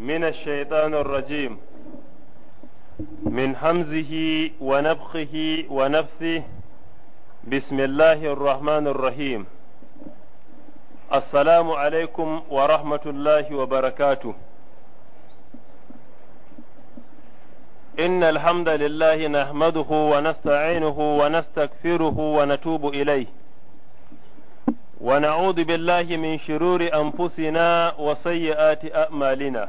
من الشيطان الرجيم من همزه ونفخه ونفثه بسم الله الرحمن الرحيم السلام عليكم ورحمة الله وبركاته إن الحمد لله نحمده ونستعينه ونستغفره ونتوب إليه ونعوذ بالله من شرور أنفسنا وسيئات أعمالنا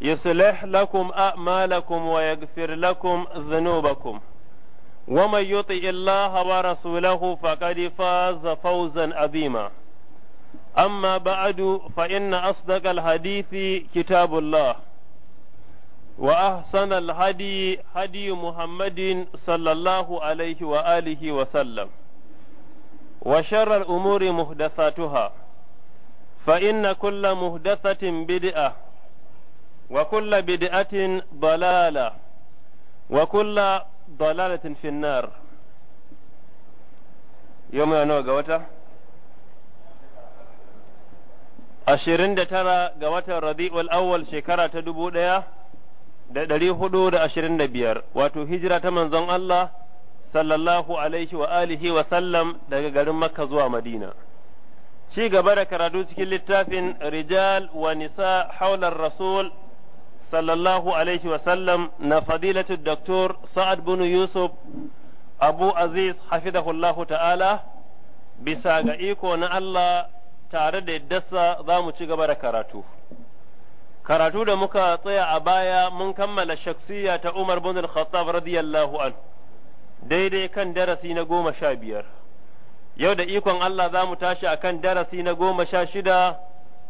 يصلح لكم أعمالكم ويغفر لكم ذنوبكم ومن يطع الله ورسوله فقد فاز فوزا عظيما أما بعد فإن أصدق الحديث كتاب الله وأحسن الهدي هدي محمد صلى الله عليه وآله وسلم وشر الأمور محدثاتها فإن كل محدثة بدعة وكل بدعة ضلالة وكل ضلالة في النار يوم نوى قوتا ashirin da tara ga watan Rabi'ul Awwal shekara ta dubu ɗaya da ɗari hudu da ashirin da biyar wato hijira ta manzon Allah sallallahu alaihi wa wa sallam daga garin Makka zuwa Madina. Ci gaba da karatu cikin littafin Rijal wa Nisa haular Rasul صلى الله na وسلم نفضيلة Sa'ad سعد Yusuf يوسف أبو عزيز ta'ala. Bisa ga iko na Allah tare da yaddarsa za mu ci gaba da karatu. Karatu da muka tsaya a baya mun kammala shaksiya ta Umar bin al radiyallahu an daidai kan darasi na goma sha biyar. Yau da ikon Allah za mu tashi a kan darasi na goma sha shida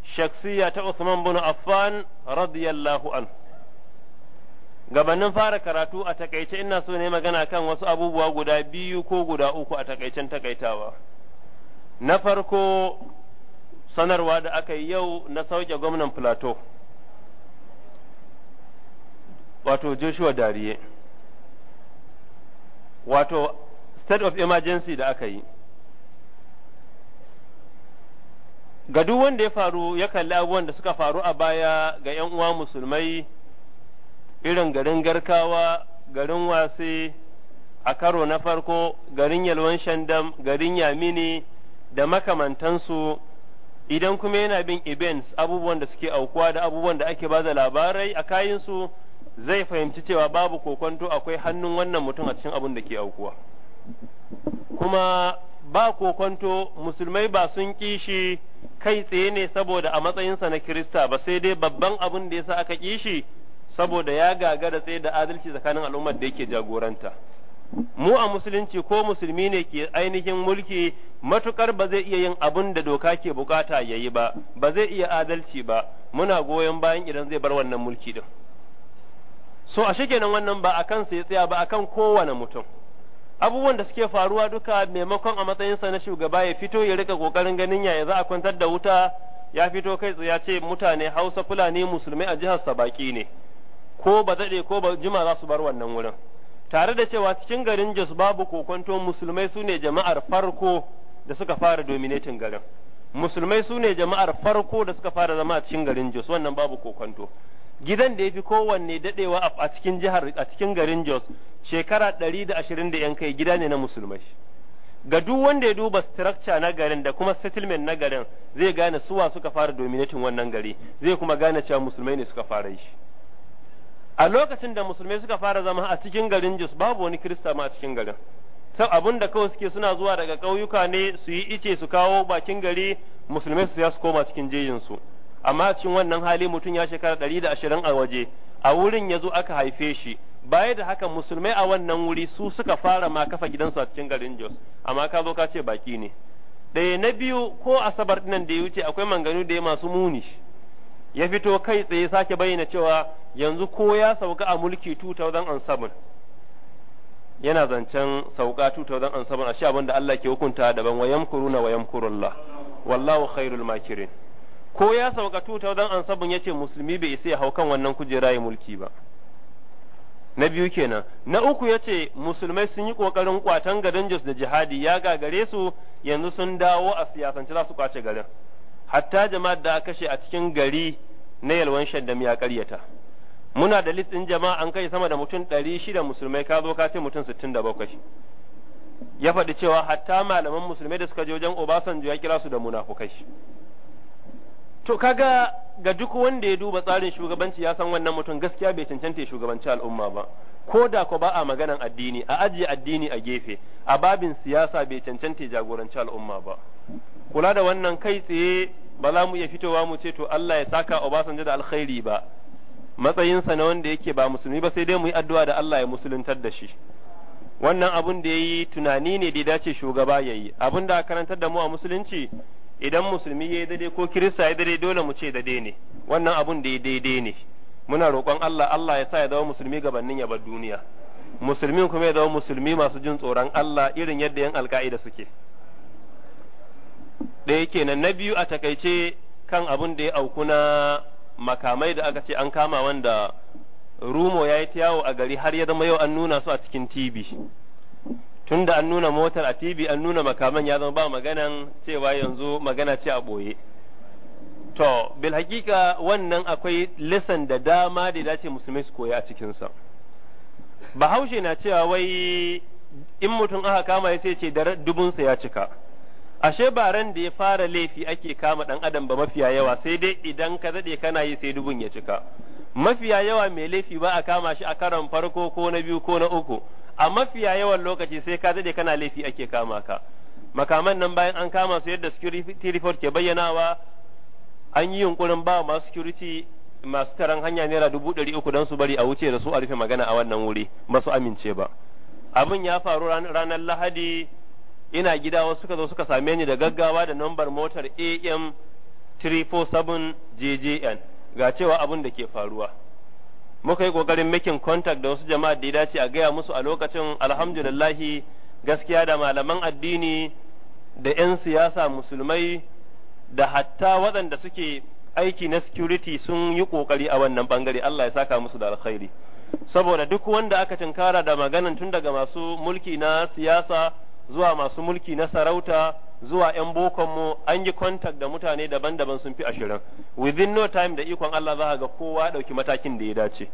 shaksiya ta Usman bin Affan radiyallahu an. Gabanin fara karatu a takaice ina so ne magana kan wasu abubuwa guda biyu ko guda uku a takaicen takaitawa. Na farko sanarwa da aka yi yau na sauke gwamnan Plateau, wato Joshua Dariye, wato state of emergency da aka yi. ga duk wanda ya faru ya kalli abubuwan da suka faru a baya ga 'yan uwa musulmai irin garin garkawa garin wasi a karo na farko garin yalwan shandam garin yamini da makamantansu idan kuma yana bin events abubuwan da suke aukuwa da abubuwan da ake bada labarai a kayansu zai fahimci cewa babu kokonto akwai hannun wannan mutum a cikin abin da ke aukuwa kuma ba kokonto musulmai ba sun ƙi shi kai tsaye ne saboda a matsayinsa na Kirista ba sai dai babban abin da ya sa aka ƙi shi saboda ya gagara tsaye da adalci tsakanin al'ummar da yake jagoranta. Mu a musulunci ko musulmi ne ke ainihin mulki matukar ba zai iya yin abin da doka ke bukata ya yi ba, ba zai iya adalci ba, muna goyon bayan idan zai bar wannan mulki din. So a shi kenan wannan ba a kansa ya tsaya ba akan kowane mutum. abubuwan da suke faruwa duka maimakon a matsayinsa na shugaba ya fito ya rika kokarin ganin yaya za a kwantar da wuta ya fito kai tsaye ya ce mutane hausa fulani musulmai a jihar sa baki ne ko ba zaɗe ko ba jima za su bar wannan wurin tare da cewa cikin garin jos babu kokonto musulmai su ne jama'ar farko da suka fara dominating garin musulmai su ne jama'ar farko da suka fara zama a cikin garin jos wannan babu kokonto gidan da ya fi kowanne dadewa a cikin jihar a cikin garin Jos shekara ɗari da yan kai gida ne na musulmai ga duk wanda ya duba structure na garin da kuma settlement na garin zai gane suwa suka fara dominatin wannan gari zai kuma gane cewa musulmai ne suka fara shi a lokacin da musulmai suka fara zama a cikin garin Jos babu wani kirista ma a cikin garin sau abin da kawai suke suna zuwa daga kauyuka ne su yi ice su kawo bakin gari musulmai su ya su koma cikin jejin su amma cikin wannan hali mutum ya shekara ɗari da ashirin a waje a wurin ya zo aka haife shi baya da haka musulmai a wannan wuri su suka fara ma kafa gidansu a cikin garin jos amma ka zo ka ce baki ne ɗaya na biyu ko asabar ɗinan da ya wuce akwai manganu da ya masu muni ya fito kai tsaye sake bayyana cewa yanzu ko ya sauka a mulki 2007 yana zancen sauka 2007 a shi abin da Allah ke hukunta daban wa kuruna wa kurulla wallahu khairul makirin ko ya sauka tuta don ansabin ya ce musulmi bai isa ya hau kan wannan kujera ya mulki ba na biyu kenan na uku ya ce musulmai sun yi ƙoƙarin kwatan garin jos da jihadi ya gagare su yanzu sun dawo a siyasance za su kwace garin hatta jama'ar da aka kashe a cikin gari na yalwan shaddam ya karyata muna da litsin jama'a an kai sama da mutum ɗari shida musulmai ka zo ka ce mutum sittin da bakwai ya faɗi cewa hatta malaman musulmai da suka je wajen obasanjo ya kira su da munafukai to kaga ga duk wanda ya duba tsarin shugabanci ya san wannan mutum gaskiya bai cancanta shugabanci al'umma ba ko da ko ba a maganan addini a ajiye addini a gefe a babin siyasa bai cancanta jagoranci al'umma ba kula da wannan kai tsaye ba za mu iya fitowa mu ce to Allah ya saka Obasanjo da alkhairi ba matsayinsa na wanda yake ba musulmi ba sai dai mu yi addu'a da Allah ya musuluntar da shi wannan abun da yayi tunani ne da ya dace shugaba ya yi abun da karantar da mu a musulunci idan musulmi ya yi daidai ko kirista ya daidai dole mu ce daidai ne wannan abun da ya daidai ne muna roƙon Allah Allah ya sa ya zama musulmi gabanin ya bar duniya musulmin kuma ya zama musulmi masu jin tsoron Allah irin yadda yan alka'ida suke Da ɗaya kenan na biyu a takaice kan abun da ya auku na makamai da aka ce an kama wanda rumo ya yi ta yawo a gari har ya zama yau an nuna su a cikin tv tunda an nuna motar a TV an nuna makaman ya zama ba maganan cewa yanzu magana ce a boye To, bil hakika wannan akwai lesson da dama da dace musulmai su koya a cikinsa. Bahaushe na cewa wai in mutum aka kama ya sai ce da dubunsa ya cika. Ashe ba ran da ya fara laifi ake kama ɗan adam ba mafiya yawa sai dai idan ka zaɗe kana yi sai dubun ya cika. mafiya yawa mai laifi ba a kama shi a karon farko ko na biyu ko na uku a mafiya yawan lokaci sai ka dade kana laifi ake kama ka makaman nan bayan an kama su yadda security report ke bayyanawa an yi yunkurin ba masu security masu taron hanya naira dubu ɗari uku don su bari a wuce da su a rufe magana a wannan wuri ba su amince ba abin ya faru ranar lahadi ina gida wasu suka zo suka same ni da gaggawa da nambar motar am 347 jjn ga cewa abin da ke faruwa muka yi ƙoƙarin making contact da wasu jama'a da ya dace a gaya musu a lokacin alhamdulillahi gaskiya da malaman addini da 'yan siyasa musulmai da hatta waɗanda suke aiki na security sun yi ƙoƙari a wannan bangare Allah ya saka musu da alkhairi saboda duk wanda aka tunkara da maganan tun daga masu mulki na siyasa zuwa masu mulki na sarauta zuwa ‘yan bokonmu an yi kontak da mutane daban-daban sun fi ashirin within no time da ikon Allah za ga kowa ɗauki matakin da ya dace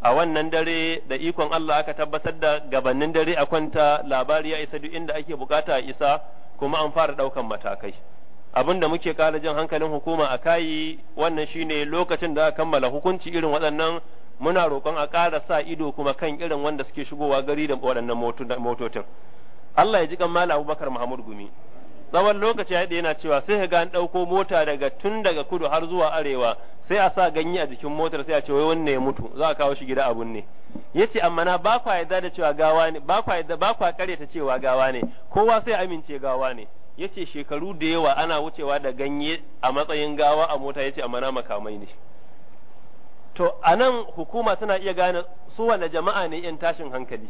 a wannan dare da ikon Allah aka tabbatar da gabanin dare a kwanta labari ya isa duk inda ake bukata a isa kuma an fara ɗaukan matakai abin da muke kara jan hankalin hukuma a kayi wannan shine lokacin da aka kammala hukunci irin waɗannan muna roƙon a ƙara sa ido kuma kan irin wanda suke shigowa gari da waɗannan motocin Allah ya ji kan Malam Abubakar Muhammad Gumi tsawon lokaci ya yana cewa sai ya ga an ɗauko mota daga tun daga kudu har zuwa arewa sai a sa ganye a jikin motar sai a ce wai wannan ya mutu za a kawo shi gida abun ne yace amma na ba kwa yadda da cewa gawa ne ba kwa yadda ba kwa ta cewa gawa ne kowa sai amince gawa ne yace shekaru da yawa ana wucewa da ganye a matsayin gawa a mota yace amma na makamai ne to anan hukuma tana iya gane su wanda jama'a ne yan tashin hankali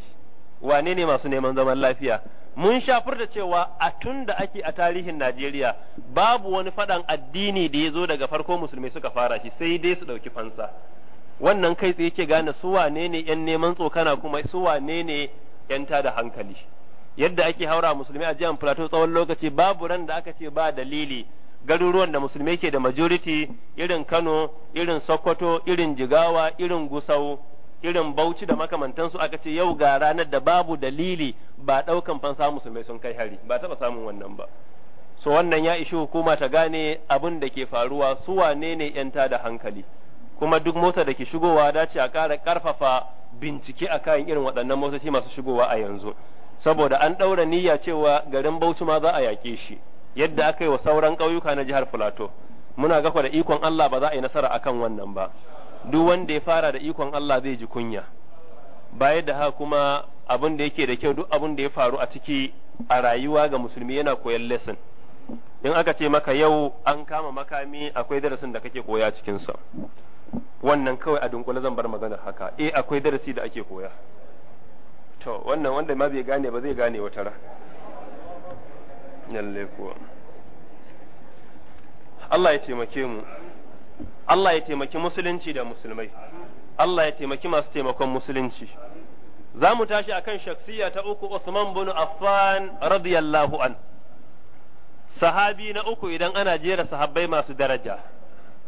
wane ne masu neman zaman lafiya mun shafar da cewa a tun da ake a tarihin Najeriya babu wani faɗan addini da ya zo daga farko musulmi suka fara shi sai dai su ɗauki fansa wannan kai tsaye ke gane su wane ne yan neman tsokana kuma su wane ne yan tada hankali yadda ake haura musulmi a jiyan plato tsawon lokaci babu ran da aka ce ba dalili garuruwan da musulmi ke da majority irin Kano irin Sokoto irin Jigawa irin Gusau irin bauchi da makamantansu aka ce yau ga ranar da babu dalili ba ɗaukan fansa musulmai sun kai hari ba taɓa samun wannan ba so wannan ya ishi hukuma ta gane abin da ke faruwa su wane ne yanta da hankali kuma duk mota da ke shigowa dace a ƙara ƙarfafa bincike a kan irin waɗannan motoci masu shigowa a yanzu saboda an ɗaura niyya cewa garin bauchi ma za a yaƙe shi yadda aka yi wa sauran ƙauyuka na jihar filato muna ga da ikon allah ba za a yi nasara akan wannan ba duk wanda ya fara da ikon Allah zai ji kunya baya da ha kuma abin da yake da kyau duk abin da ya faru a ciki a rayuwa ga musulmi yana koyan lesson in aka ce maka yau an kama makami akwai darasin da kake koya cikin sa wannan kawai a dunkule zan bar maganar haka eh akwai darasi da ake koya to wannan wanda ma bai gane ba zai gane wata ra lalle kuwa Allah ya taimake mu Allah ya taimaki musulunci da musulmai Allah ya taimaki masu taimakon musulunci za mu tashi kan shaksiya ta uku Usman bin Affan radiyallahu an sahabi na uku idan ana jera sahabbai masu daraja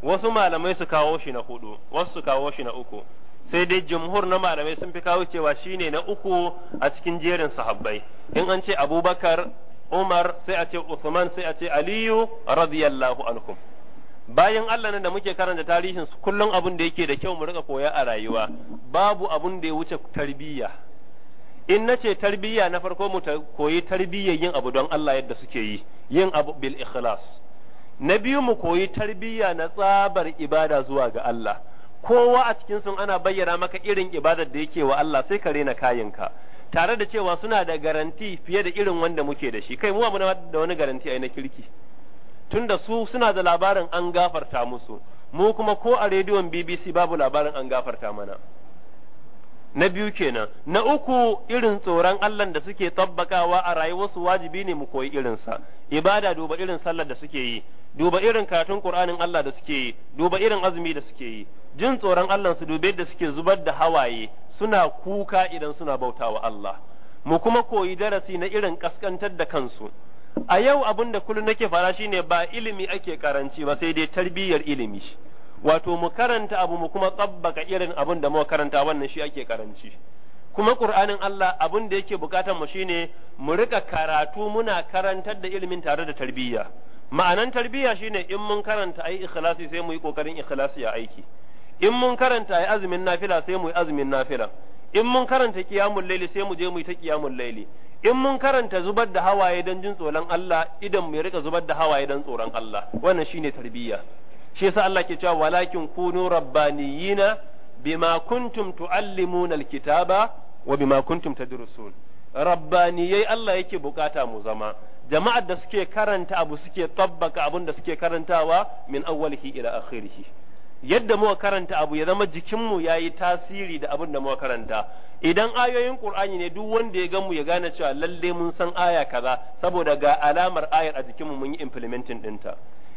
wasu malamai su kawo shi na hudu wasu su kawo shi na uku sai dai jumhur na malamai sun fi kawo cewa shine na uku a cikin jerin sahabbai in an ce abubakar umar sai a ce usman sai a ce aliyu radiyallahu anhum bayan Allah nan da muke karanta tarihin su kullum abun da yake da kyau mu rika koya a rayuwa babu abun da ya wuce tarbiyya in nace tarbiyya na farko mu ta koyi tarbiyyar yin abu don Allah yadda suke yi yin abu bil ikhlas na biyu mu koyi tarbiyya na tsabar ibada zuwa ga Allah kowa a cikin sun ana bayyana maka irin ibadar da yake wa Allah sai ka rena kayanka tare da cewa suna da garanti fiye da irin wanda muke da shi kai mu da wani garanti ai na kirki tunda su suna da labarin an gafarta musu mu kuma ko a rediyon BBC babu labarin an gafarta mana na biyu kenan na uku irin tsoron Allah da suke tabbakawa a rayuwarsu wajibi ne mu koyi irinsa ibada duba irin sallar da suke yi duba irin karatun Qur'anin Allah da suke yi duba irin azumi da suke yi jin tsoron Allah su dube da suke zubar da hawaye suna kuka idan suna bautawa Allah mu kuma koyi darasi na irin kaskantar da kansu a yau abin da kullum nake fara shi ne ba ilimi ake karanci ba sai dai tarbiyyar ilimi wato mu karanta abu mu kuma tsabbaka irin abin da mu karanta wannan shi ake karanci kuma ƙur'anin Allah abin da yake bukatar mu shine mu rika karatu muna karantar da ilimin tare da tarbiyya ma'anan tarbiyya shine in mun karanta ayi ikhlasi sai mu yi kokarin ikhlasi a aiki in mun karanta ayi azumin nafila sai mu yi azumin nafila in mun karanta qiyamul laili sai mu je mu yi ta qiyamul laili in mun karanta zubar da hawaye don jin tsoron Allah idan mu rika zubar da hawaye don tsoron Allah wannan shine tarbiyya shi yasa Allah ke cewa walakin kunu rabbaniyina bima kuntum tuallimuna alkitaba wa bima kuntum tadrusun rabbaniyai Allah yake bukata mu zama jama'ar da suke karanta abu suke tabbaka abun da suke karantawa min awwalihi ila akhirih yadda muka karanta abu ya zama jikinmu ya yi tasiri da abin da muka karanta idan ayoyin qur'ani ne duk wanda ya ganmu ya gane cewa lalle mun san aya kaza saboda ga alamar ayar a jikinmu mun yi implementing dinta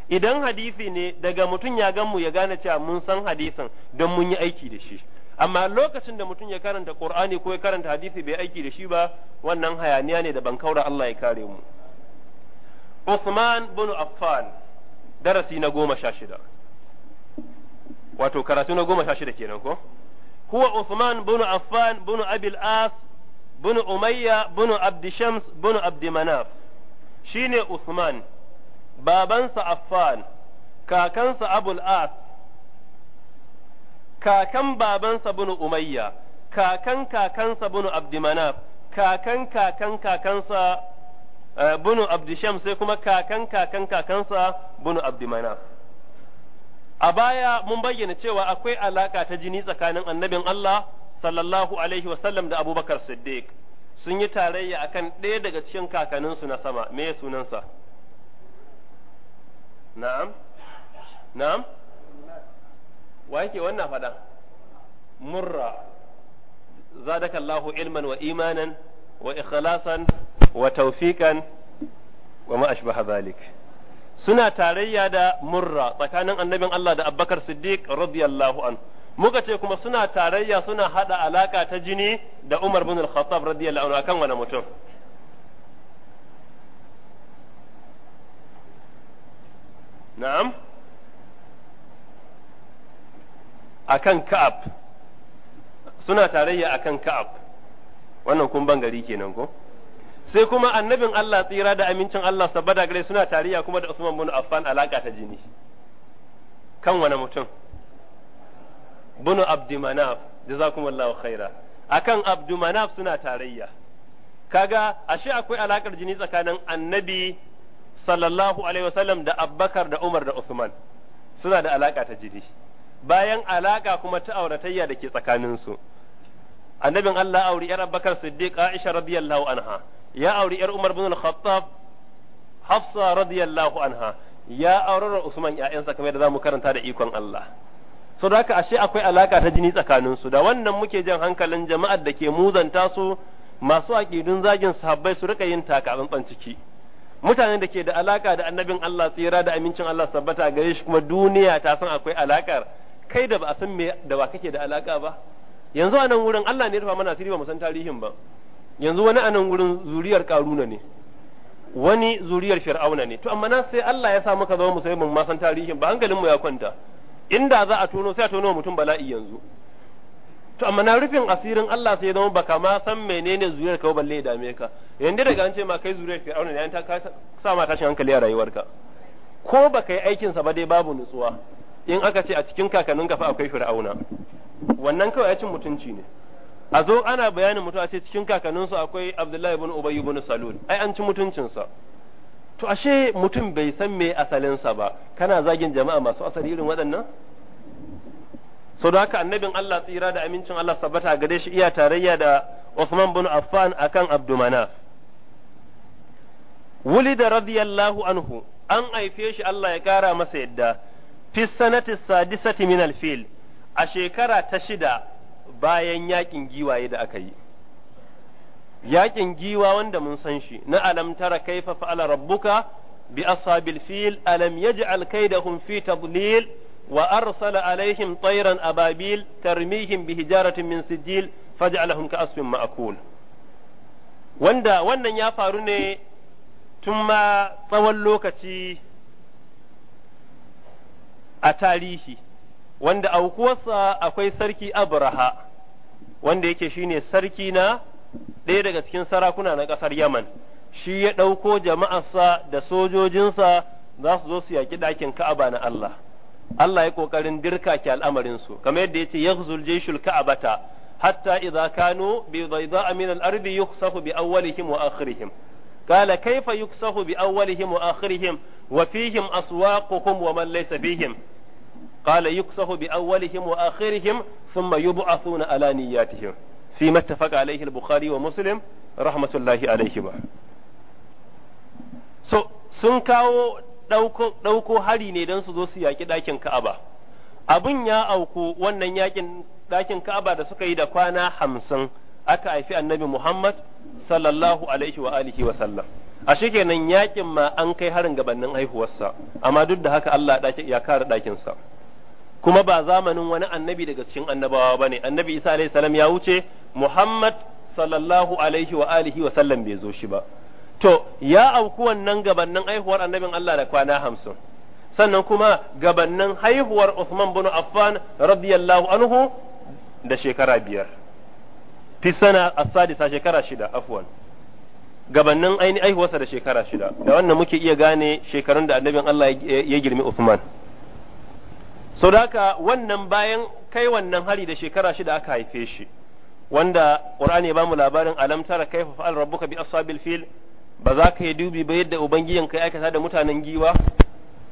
idan hadisi ne daga mutum ya ganmu ya gane cewa mun san hadisin don mun yi aiki da shi amma lokacin da mutum ya karanta qur'ani ko ya karanta hadisi bai aiki da shi ba wannan hayaniya ne da ban kaura Allah ya kare mu Uthman bin Affan darasi na goma sha shida wato karatu na goma sha shida kenan ko huwa Uthman bin Affan bin Abil As bin Umayya bin Abd Shams bin Abd Manaf shine Uthman babansa Affan kakansa Abul As kakan babansa bin Umayya kakan kakansa bin Abd Manaf kakan kakan kakansa eh, bin Abd Shams sai kuma kakan kakan kakansa bin Abd Manaf a baya mun bayyana cewa akwai alaka ta jini tsakanin annabin Allah sallallahu alaihi wasallam da abubakar siddiq sun yi tarayya akan ɗaya daga cikin kakanninsu na sama me sunansa na'am na'am wa yake wannan fada murra zadaka Allahu ilman wa imanan wa ikhlasan wa tawfiqan wa ma ashbaha suna tarayya da murra tsakanin annabin Allah da Abubakar Siddiq radiyallahu an muka ce kuma suna tarayya suna hada alaka ta jini da Umar bin Al-Khattab radiyallahu anhu akan wani mutum na'am akan Ka'ab suna tarayya akan Ka'ab wannan kun gari kenan ko sai kuma annabin Allah tsira da amincin Allah sabada gare suna tariya kuma da Usman bin Affan alaka ta jini kan wani mutum bunu manaf jazakumullahu khaira akan manaf suna tarayya kaga ashe akwai alakar jini tsakanin annabi sallallahu alaihi wasallam da abbakar da umar da usman suna da alaka ta jini bayan alaka kuma ta auratayya da ke tsakaninsu annabin allah auri yar abbakar siddiq aisha radiyallahu anha ya auri yar Umar bin Al-Khattab Hafsa radiyallahu anha ya aurara Usman ƴaƴansa kamar da zamu karanta da ikon Allah so da haka ashe akwai alaka ta jini tsakanin su da wannan muke jan hankalin jama'ar da ke muzanta su masu aƙidun zagin sahabbai su rika yin tsantsan ciki mutanen da ke da alaka da annabin Allah tsira da amincin Allah sabbata gare shi kuma duniya ta san akwai alakar kai da ba a san me da ba kake da alaka ba yanzu a nan wurin Allah ne ya rufa mana asiri ba mu san tarihin ba yanzu wani anan gurin zuriyar karuna ne wani zuriyar fir'auna ne to amma na sai Allah ya sa muka zama musulmin ma san tarihin ba hankalin mu ya kwanta inda za a tono sai a tono mutum bala'i yanzu to amma na rufin asirin Allah sai ya zama baka ma san menene zuriyar ka balle ya dame ka yanda daga an ce ma kai zuriyar fir'auna ne an ta sa ma tashin hankali a rayuwarka ko baka yi aikin sa ba dai babu nutsuwa in aka ce a cikin kakanninka fa akwai fir'auna wannan kawai ya cin mutunci ne a zo ana bayanin mutum a ce cikin kakanninsu akwai abdullahi ibn ubay ibn salul ai an ci mutuncinsa to ashe mutum bai san me asalinsa ba kana zagin jama'a masu asali irin waɗannan so da haka annabin Allah tsira da amincin Allah sabbata gare shi iya tarayya da Uthman bin Affan akan wuli da radiyallahu anhu an haife shi Allah ya kara masa yadda fi sanati sadisati min alfil a shekara ta shida bayan yakin giwaye da aka yi yakin giwa wanda mun san shi na alam tara kaifa fa'ala rabbuka bi ashabil fil alam yaj'al kaidahum fi tadlil wa arsala alaihim tayran ababil tarmihim bi hijaratin min sijil faj'alahum ka asfin ma'kul wanda wannan ya faru ne tun ma tsawon lokaci a tarihi wanda aukuwarsa akwai sarki abraha wanda yake shine sarki na ɗaya daga cikin sarakuna na ƙasar Yaman shi ya ɗauko jama'arsa da sojojinsa za su zo su yaƙi ɗakin Ka'aba na Allah Allah ya ƙoƙarin dirka ki al'amarin su kamar yadda yace yaghzul jayshul ka'abata hatta idza kanu bi bayda'a min al yuksahu bi awwalihim wa akhirihim قال كيف يكسه wa وآخرهم وفيهم أسواقهم ومن ليس فيهم قال يكسه bi وآخرهم wa يبعثون على نياتهم ala niyyatihim fi mattafaqa alayhi al-bukhari wa muslim so sun kawo ɗauko hari ne don su zo su yaƙi ɗakin Ka'aba. Abin ya auku wannan yaƙin ɗakin Ka'aba da suka yi da kwana hamsin aka haifi annabi Muhammad sallallahu alaihi wa alihi wa sallam. A shi kenan yaƙin ma an kai harin gabanin haihuwarsa, amma duk da haka Allah ya kare ɗakinsa. kuma ba zamanin wani annabi daga cikin annabawa ne annabi isa alaihi salam ya wuce muhammad sallallahu alaihi wa alihi wa sallam bai zo shi ba to ya auku wannan gabannin aihuwar annabin Allah da kwana hamsin sannan kuma gabannin haihuwar Usman bin Affan radiyallahu anhu da shekara biyar fi sana asadisa sadisa shekara shida afwan gabannin ainihin da shekara shida da wannan muke iya gane shekarun da annabin Allah ya girmi Usman. sau da haka wannan bayan kai wannan hari da shekara shida aka haife shi wanda ƙurani ba mu labarin alam tara kaifa fa'al rabbuka bi ashabil fil ba za ka yi dubi ba yadda ubangijin kai aikata da mutanen giwa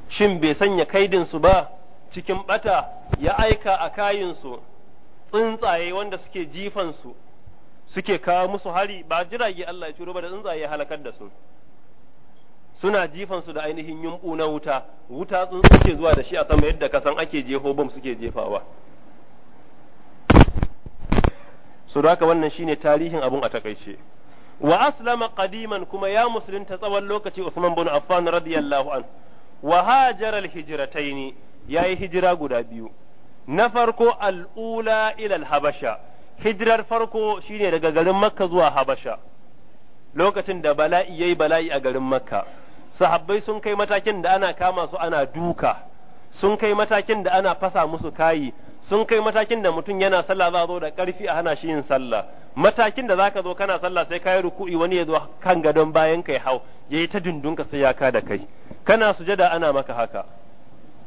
shin bai sanya kaidin su ba cikin bata ya aika a kayin su tsuntsaye wanda suke jifan su suke kawo musu hari ba jirage Allah ya turo ba da tsuntsaye halakar da su suna jifan su da ainihin yumbu na wuta wuta sun suke zuwa da shi a sama yadda kasan ake jefo bom suke jefawa su haka wannan shine tarihin abun a takaice wa aslama qadiman kuma ya musulunta tsawon lokaci Usman bin Affan radiyallahu an wa hajara al-hijrataini yayi hijira guda biyu na farko al'ula ila al-habasha Hijrar farko shine daga garin Makka zuwa Habasha lokacin da bala'i yayi bala'i a garin Makka sahabbai sun kai matakin da ana kama su ana duka sun kai matakin da ana fasa musu kayi sun kai matakin da mutum yana sallah za zo da karfi a hana shi yin sallah matakin da zaka zo kana sallah sai kayi ruku'i wani ya zo kan gadon bayan kai hau yayi ta dundunka sai ya ka da kai kana sujada ana maka haka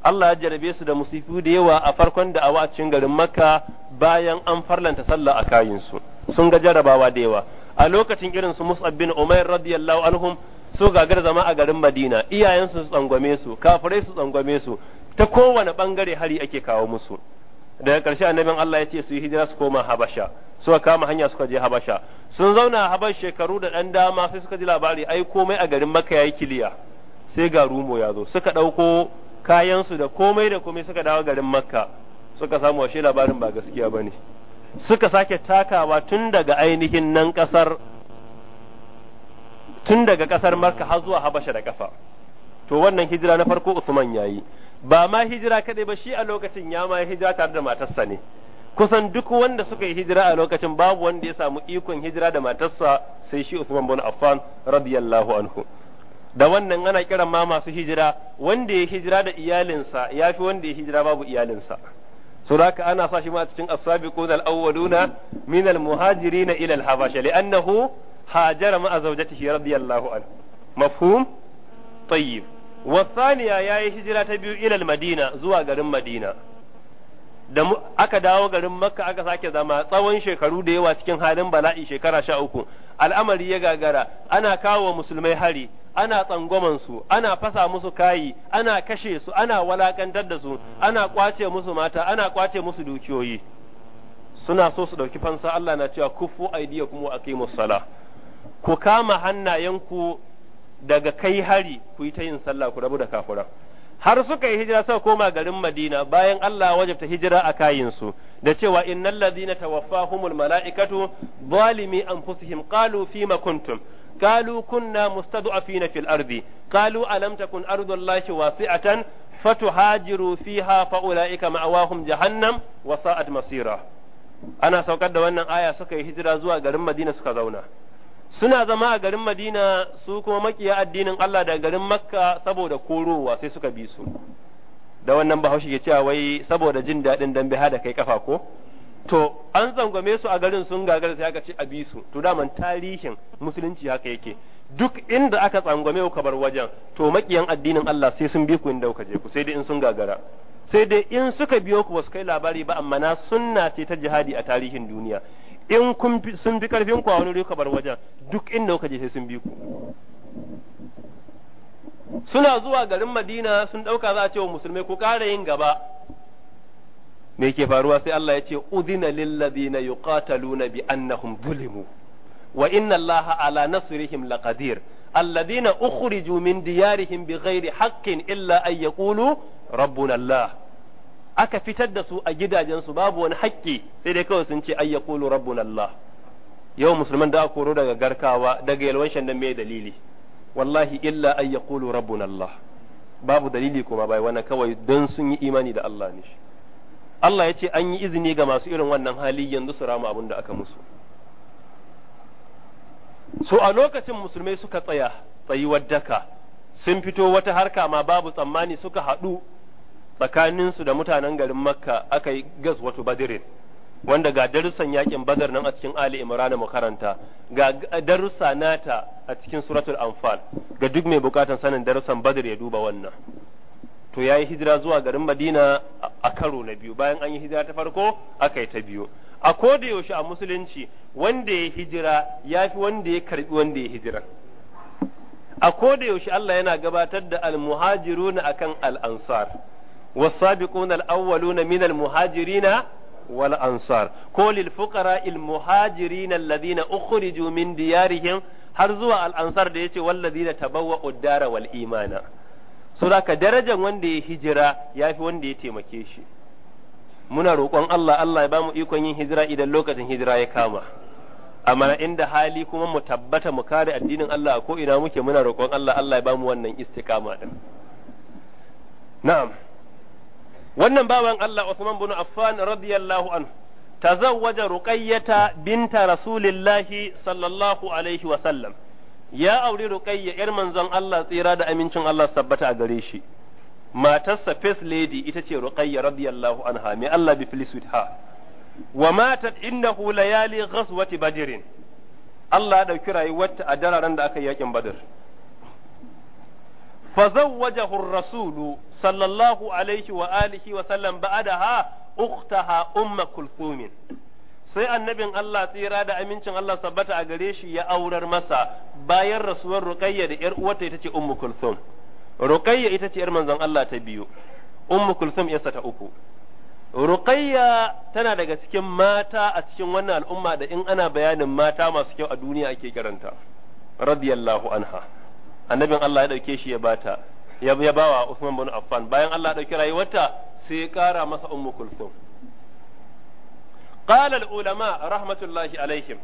Allah ya jarabe su da musifu da yawa a farkon da awa cikin garin Makka bayan an farlanta sallah a kayin su sun ga jarabawa da yawa a lokacin irin su Mus'ab bin Umair radiyallahu anhum so gagar zama a garin Madina iyayensu su tsangwame su kafirai su tsangwame su ta kowane bangare hari ake kawo musu daga karshe annabin Allah ya ce su yi hijira su koma Habasha ka kama hanya suka je Habasha sun zauna a Habasha shekaru da ɗan dama sai suka ji labari ai komai a garin Makka yayi kiliya sai ga rumo ya zo suka ɗauko su da komai da komai suka dawo garin Makka suka samu washe labarin ba gaskiya bane suka sake takawa tun daga ainihin nan kasar tun daga kasar Makka har zuwa Habasha da kafa to wannan hijira na farko Usman ya yi. ba ma hijira kadai ba shi a lokacin ya ma hijira tare da matarsa ne kusan duk wanda suka yi hijira a lokacin babu wanda ya samu ikon hijira da matarsa sai shi Usman bin Affan radiyallahu anhu da wannan ana kiran ma masu hijira wanda ya hijira da iyalinsa ya fi wanda ya hijira babu iyalinsa suraka ana sa shi ma a cikin as-sabiqun al-awwaluna min al ila habasha li'annahu hajara ma'a zawjatihi radiyallahu anhu mafhum tayyib wasaniya yayi hijira ta biyu ila madina zuwa garin madina da aka dawo garin makka aka sake zama tsawon shekaru da yawa cikin halin bala'i shekara sha uku al'amari ya gagara ana kawo wa musulmai hari ana tsangwaman su ana fasa musu kayi ana kashe su ana walakantar da su ana kwace musu mata ana kwace musu dukiyoyi suna so su ɗauki fansa Allah na cewa kufu aidiyakum wa aqimus salah ku kama hannayenku daga kai hari ku yi ta yin sallah ku rabu da kafiran har suka yi hijira suka koma garin Madina bayan Allah wajabta hijira a kayinsu da cewa innal ladina tawaffahumul malaikatu zalimi anfusihim qalu fima kuntum قالوا كنا مستضعفين في الأرض قالوا ألم تكن أرض الله واسعة فتهاجروا فيها wa مأواهم masira ana saukar da wannan aya suka yi hijira zuwa garin Madina suka zauna. suna zama a garin Madina su kuma makiya addinin Allah daga garin Makka saboda korowa sai suka bi su da wannan bahaushe ke cewa wai saboda jin daɗin dambe hada kai kafa ko to an zangwame su a garin sun gagara sai aka ce a bi su to daman tarihin musulunci haka yake duk inda aka tsangwame ku bar wajen to makiyan addinin Allah sai sun bi ku inda kuka je ku sai dai in sun gagara sai dai in suka biyo ku ba su kai labari ba amma na sunna ce ta jihadi a tarihin duniya in kun sun bi karfin ku a wani ka bar wajen duk inda kuka je sai sun bi ku suna zuwa garin Madina sun dauka za a ce wa musulmai ku ƙara yin gaba me ke faruwa sai Allah ya ce udhina lil ladina yuqataluna bi annahum zulimu wa inna Allah ala nasrihim laqadir alladhina ukhriju min diyarihim bighairi haqqin illa an yaqulu rabbuna Allah aka fitar da su a gidajensu babu wani haƙƙi sai dai kawai sun ce ayya kulu rabbun Allah yau musulman da aka koro daga garkawa daga yalwan shandan mai dalili wallahi illa ayya kulu rabbun Allah babu dalili kuma bai wannan kawai don sun yi imani da Allah ne shi Allah ya ce an yi izini ga masu irin wannan hali yanzu su rama abin da aka musu so a lokacin musulmai suka tsaya tsayuwar daka sun fito wata harka ma babu tsammani suka haɗu tsakaninsu da mutanen garin makka aka yi gas wato badirin wanda ga darussan yakin badar nan a cikin ali imran mu karanta ga darussa nata a cikin suratul anfal ga duk mai bukatan sanin darussan badar ya duba wannan to ya yi hijira zuwa garin madina a karo na biyu bayan an yi hijira ta farko aka yi ta biyu a koda yaushe a musulunci wanda ya hijira ya fi wanda ya karbi wanda ya hijira a koda yaushe Allah yana gabatar da al almuhajiruna akan al-ansar والسابقون الأولون من المهاجرين والأنصار قول الفقراء المهاجرين الذين أخرجوا من ديارهم هرزوا الأنصار ديتي والذين تبوأوا الدار والإيمان سلاك درجة وندي هجرة يافي وندي تيمكيشي muna roƙon Allah Allah ya bamu ikon yin hijira idan lokacin hijira ya kama amma inda hali kuma mu tabbata mu kare addinin Allah ko ina muke muna roƙon Allah Allah ya bamu wannan istiqama din na'am wannan bawan Allah Usman bin Affan radiyallahu anhu tazawwaja Rukayyata binta rasulillah sallallahu alaihi wa sallam ya auri ruqayya yar manzon Allah tsira da amincin Allah sabbata a gare shi matarsa first lady ita ce Rukayya radiyallahu anha mai Allah bi ha wa matat innahu layali ghazwati badrin Allah ya dauki rayuwarta a dararen da aka yi yakin badr فزوجه الرسول صلى الله عليه وآله وسلم بعدها أختها أم كلثوم sai annabin Allah tsira da amincin Allah sabbata a gare shi ya aurar masa bayan rasuwar Ruqayya da ‘yar uwarta ita ce Ummu Kulthum. Ruqayya ita ce ‘yar manzon Allah ta biyu, Ummu Kulthum ‘yarsa ta uku. Ruqayya tana daga cikin mata a cikin wannan al'umma da in ana bayanin mata masu kyau a duniya ake kiranta. Radiyallahu anha. annabin Allah ya dauke shi ya bata ya bawa Usman bin Affan bayan Allah ya dauki rayuwarta sai ya kara masa ummu kulthum qala al ulama rahmatullahi alaihim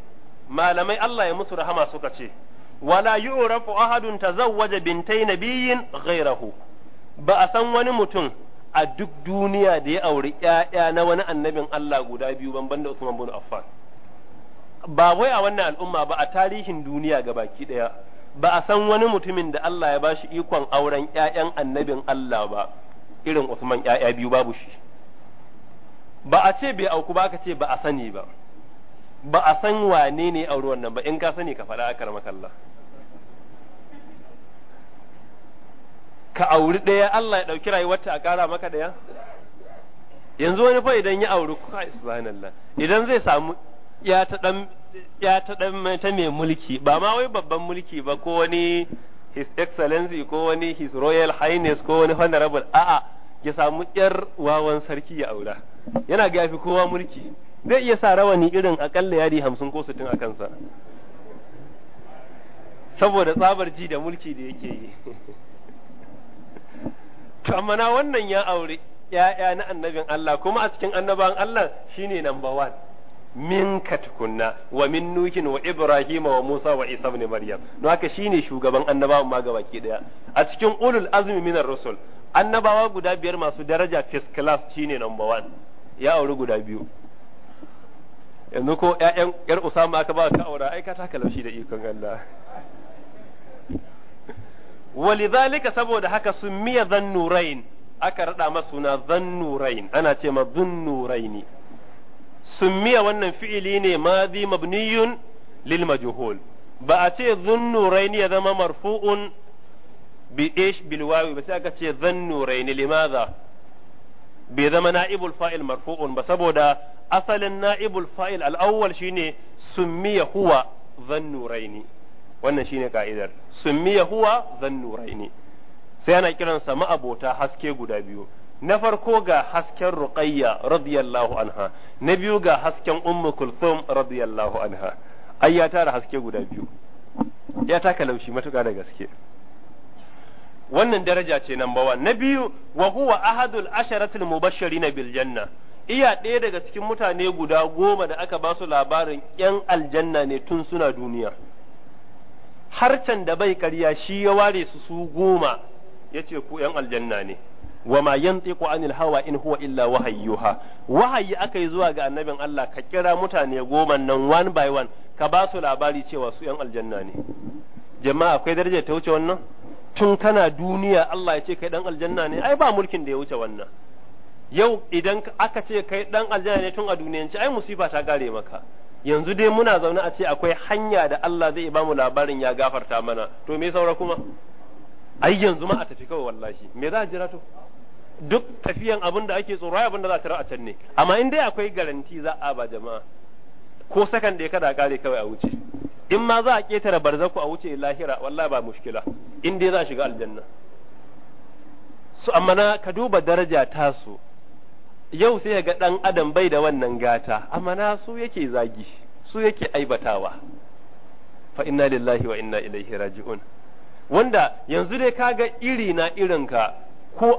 malamai Allah ya musu rahama suka ce wala yu'rafu ahadun tazawwaja bintai nabiyyin ghairahu ba a san wani mutum a duk duniya da ya auri ‘ya'ya na wani annabin Allah guda biyu banban da Usman bin Affan. Ba wai a wannan al'umma ba a tarihin duniya ga baki ɗaya ba a san wani mutumin da Allah ya ba shi ikon auren ‘ya'yan annabin Allah ba irin Usman ‘ya'ya biyu babu shi ba a ce bai auku ba aka ce ba a sani ba ba a san wane ne auri wannan ba in ka sani ka faɗa aka kalla ka auri ɗaya Allah ya ɗauki rayuwarta a ƙara maka ɗaya yanzu wani fa idan ya auri kuka subhanallah idan zai samu ya ta ɗan ya ta dan ta mai mulki ba ma wai babban mulki ba ko wani his excellency ko wani his royal highness ko wani honorable a'a ya samu yar wawan sarki ya aura yana ga yafi kowa mulki zai iya sa rawani irin akalla yari hamsin ko sittin a kansa saboda tsabar ji da mulki da yake yi to amma na wannan ya aure ya'ya na annabin Allah kuma a cikin annabawan Allah shine number one minka tukunna wa min nuhin wa ibrahim wa musa wa isa ibn maryam na haka shine shugaban annabawa ma baki daya a cikin ulul azmi minar rusul annabawa guda biyar masu daraja first class shine number one ya auri guda biyu yanzu ko ƴaƴan ƴar usama aka ba ka aura ai ka taka laushi da ikon Allah walidhalika saboda haka sun miya dhannurain aka rada masa suna dhannurain ana ce ma dhannuraini summiya wannan fi'ili ne ma madhi mabniyun lil majhul ba a ce dhunnurain ya zama marfu'un bi ish bil wawi ba sai aka ce dhunnurain limadha bai zama na'ibul fa'il marfu'un ba saboda asalin na'ibul fa'il al-awwal shine summiya huwa dhannurain wannan shine ka'idar summiya huwa dhannurain sai ana kiransa ma'abota haske guda biyu na farko ga hasken ruqayya radiyallahu anha na biyu ga hasken ummu kulthum radiyallahu anha ai ya tara haske guda biyu ya taka laushi matuƙa da gaske wannan daraja ce number one na biyu wa huwa ahadul asharatul mubashirin bil janna iya ɗaya daga cikin mutane guda goma da aka ba su labarin yan aljanna ne tun suna duniya harcen da bai karya shi ya ware su su goma yace ce ku yan aljanna ne wa ma yantiqu anil hawa in huwa illa wahayyuha wahayi aka yi zuwa ga annabin Allah ka kira mutane goma nan one by one ka ba su labari cewa su yan aljanna ne jama'a akwai darajar ta wuce wannan tun kana duniya Allah ya ce kai dan aljanna ne ai ba mulkin da ya wuce wannan yau idan aka ce kai dan aljanna ne tun a ce, ai musifa ta gare maka yanzu dai muna zaune a ce akwai hanya da Allah zai ba mu labarin ya gafarta mana to me saura kuma ai yanzu ma a tafi kawai wallahi me za a jira to duk tafiyan abin da ake tsoro abin da za ta tara a can ne amma in dai akwai garanti za a ba jama'a ko sakan da ya kada kare kawai a wuce in ma za a ketare barzaku a wuce lahira wallahi ba mushkila in dai za a shiga aljanna su amma na ka duba daraja tasu yau sai ga dan adam bai da wannan gata amma na su yake zagi su yake aibatawa fa inna lillahi wa inna ilaihi raji'un wanda yanzu dai kaga iri na irinka ko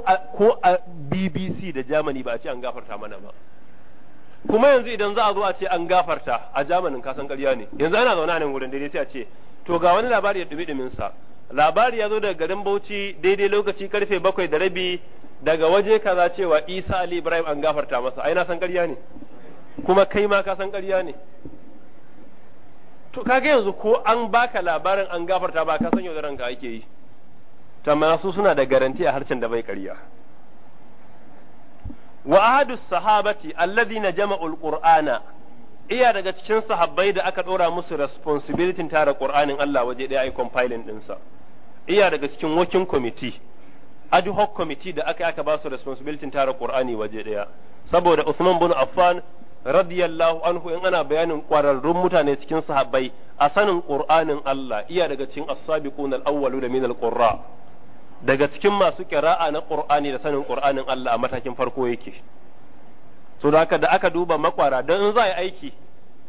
a BBC da Germany ba a ce an gafarta mana ba kuma yanzu idan za a zo a ce an gafarta a Germany ka san ƙarya ne yanzu ana zaune nan wurin daidai sai a ce to ga wani labari ya dumi dumin sa labari ya zo daga garin Bauchi daidai lokaci karfe bakwai da rabi daga waje kaza cewa Isa Ali Ibrahim an gafarta masa ai na san ƙarya ne kuma kai ma ka san ƙarya ne to kaga yanzu ko an baka labarin an gafarta ba ka san yaudaran ka ake yi to amma su suna da garanti a harshen da bai ƙarya wa ahadu sahabati alladhina jama'u alqur'ana iya daga cikin sahabbai da aka dora musu responsibility tara qur'anin Allah waje da ai compiling dinsa. iya daga cikin working committee ad hoc committee da aka aka ba su responsibility tara qur'ani waje daya. saboda Usman bin Affan radiyallahu anhu in ana bayanin kwararrun mutane cikin sahabbai a sanin qur'anin Allah iya daga cikin as-sabiqun al da min al-qurra daga cikin masu kira'a na ƙur'ani da sanin ƙur'anin Allah a matakin farko yake to da aka da aka duba makwara don in za a yi aiki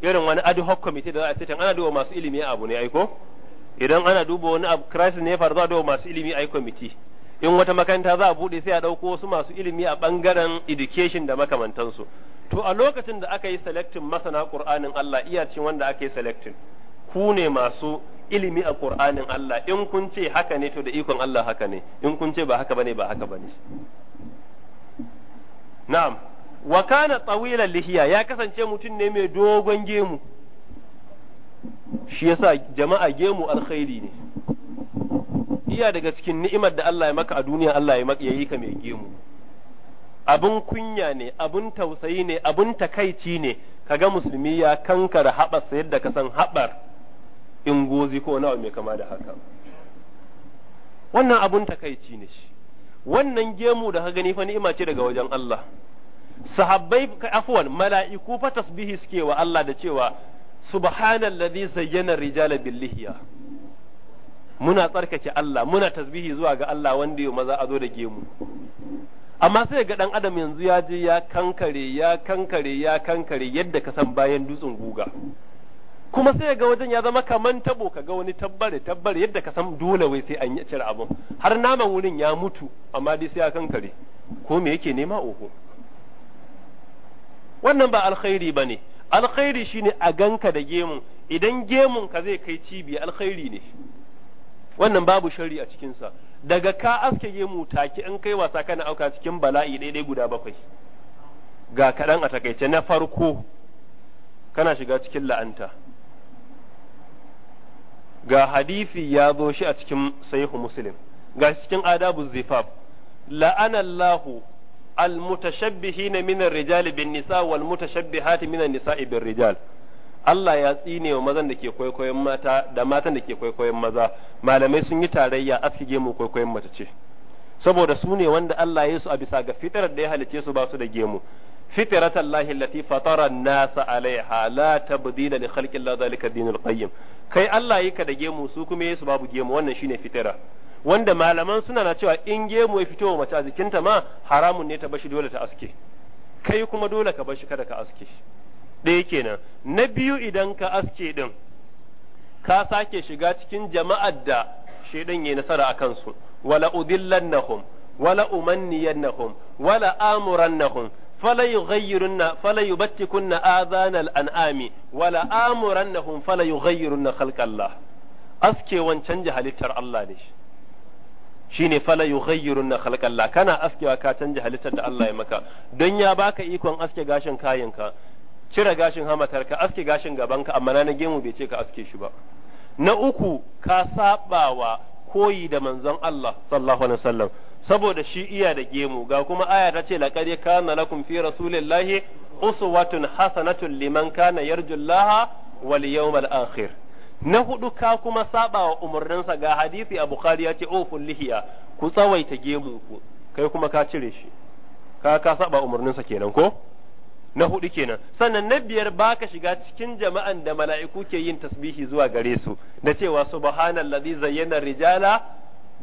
irin wani ad hoc committee da za a sitin ana duba masu ilimi abu ne aiko idan ana duba wani abu crisis ne far za a duba masu ilimi ai committee in wata makaranta za a bude sai a ɗauko wasu masu ilimi a bangaren education da makamantansu to a lokacin da aka yi selecting masana ƙur'anin Allah iya cikin wanda aka yi selecting ku ne masu ilimi a ƙur'anin Allah in kun ce haka ne to da ikon Allah haka ne in kun ce ba haka bane ba haka bane na'am wa kana tawilan lihiya ya kasance mutum ne mai dogon gemu shi yasa jama'a gemu alkhairi ne iya daga cikin ni'imar da Allah ya maka a duniya Allah ya maka yayi ka mai gemu abun kunya ne abun tausayi ne abun takaici ne kaga musulmi ya kankara sa yadda ka san haɓar ingozi ko wani mai kama da haka wannan abun takaici ne shi wannan gemu da ka gani fa ni'ima ce daga wajen Allah sahabbai afwan mala'iku fa tasbihi suke wa Allah da cewa subhanalladhi zayyana rijala billihiya muna tsarkake Allah muna tasbihi zuwa ga Allah wanda ya maza azo da gemu amma sai ga dan adam yanzu ya je ya kankare ya kankare ya kankare yadda ka san bayan dutsen guga kuma sai ga wajen ya zama kaman tabo ka ga wani tabbare tabbare yadda ka san dole wai sai an cire abin har naman wurin ya mutu amma dai sai ya kankare ko me yake nema oho wannan ba alkhairi bane alkhairi shine a ganka da gemun idan gemun ka zai kai cibiya alkhairi ne wannan babu shari a cikin sa daga ka aske gemu take in kai wasa kana auka cikin bala'i dai guda bakwai ga kaɗan a takaice na farko kana shiga cikin la'anta ga hadisi ya zo shi a cikin sahihu muslim ga cikin adabu zifaf la'anallahu almutashabbihi min ar-rijal bin nisa wal mutashabbihati min an nisa bir rijal Allah ya tsine wa mazan da ke kwaikwayon mata da matan da ke kwaikwayon maza malamai sun yi tarayya aski gemu kwaikwayon mace ce saboda su ne wanda Allah ya yi su a bisa ga fitar da ya halice su ba su da gemu فطرة الله التي فطر الناس عليها لا تبديل لخلق الله ذلك الدين القيم kai Allah yi ka da gemu su kuma yesu babu gemu wannan shine fitira wanda malaman suna na cewa in gemu ya fito mace a jikinta ma haramun ne ta bashi dole ta aske kai kuma dole ka bashi kada ka aske ɗaya kenan na biyu idan ka aske din ka sake shiga cikin jama'ar da shedan yayi nasara akan su wala udillannahum wala umanniyannahum wala amurannahum fala yughayyirunna fala yubattikunna adhanal an'ami wala amurannahum fala yughayyirunna khalqallah aske wancan halittar Allah ne shine fala yughayyirunna khalqallah kana askewa ka canja halittar da Allah ya maka don ya baka ikon aske gashin kayanka cire gashin hamatarka aske gashin gabanka amma na gemu bai ce ka aske shi ba na uku ka sabawa koyi da manzon Allah sallallahu alaihi wasallam saboda shi iya da gemu ga kuma aya ta ce laqad kana lakum fi rasulillahi uswatun hasanatun liman kana yarjullaha wal yawmal akhir na hudu ka kuma saba wa umarninsa ga hadisi a bukhari ya ce oful lihiya ku tsawaita gemu ku kai kuma ka cire shi ka ka saba umarninsa kenan ko na hudu kenan sannan na biyar baka shiga cikin jama'an da mala'iku ke yin tasbihi zuwa gare su da cewa subhanallazi zayyana rijala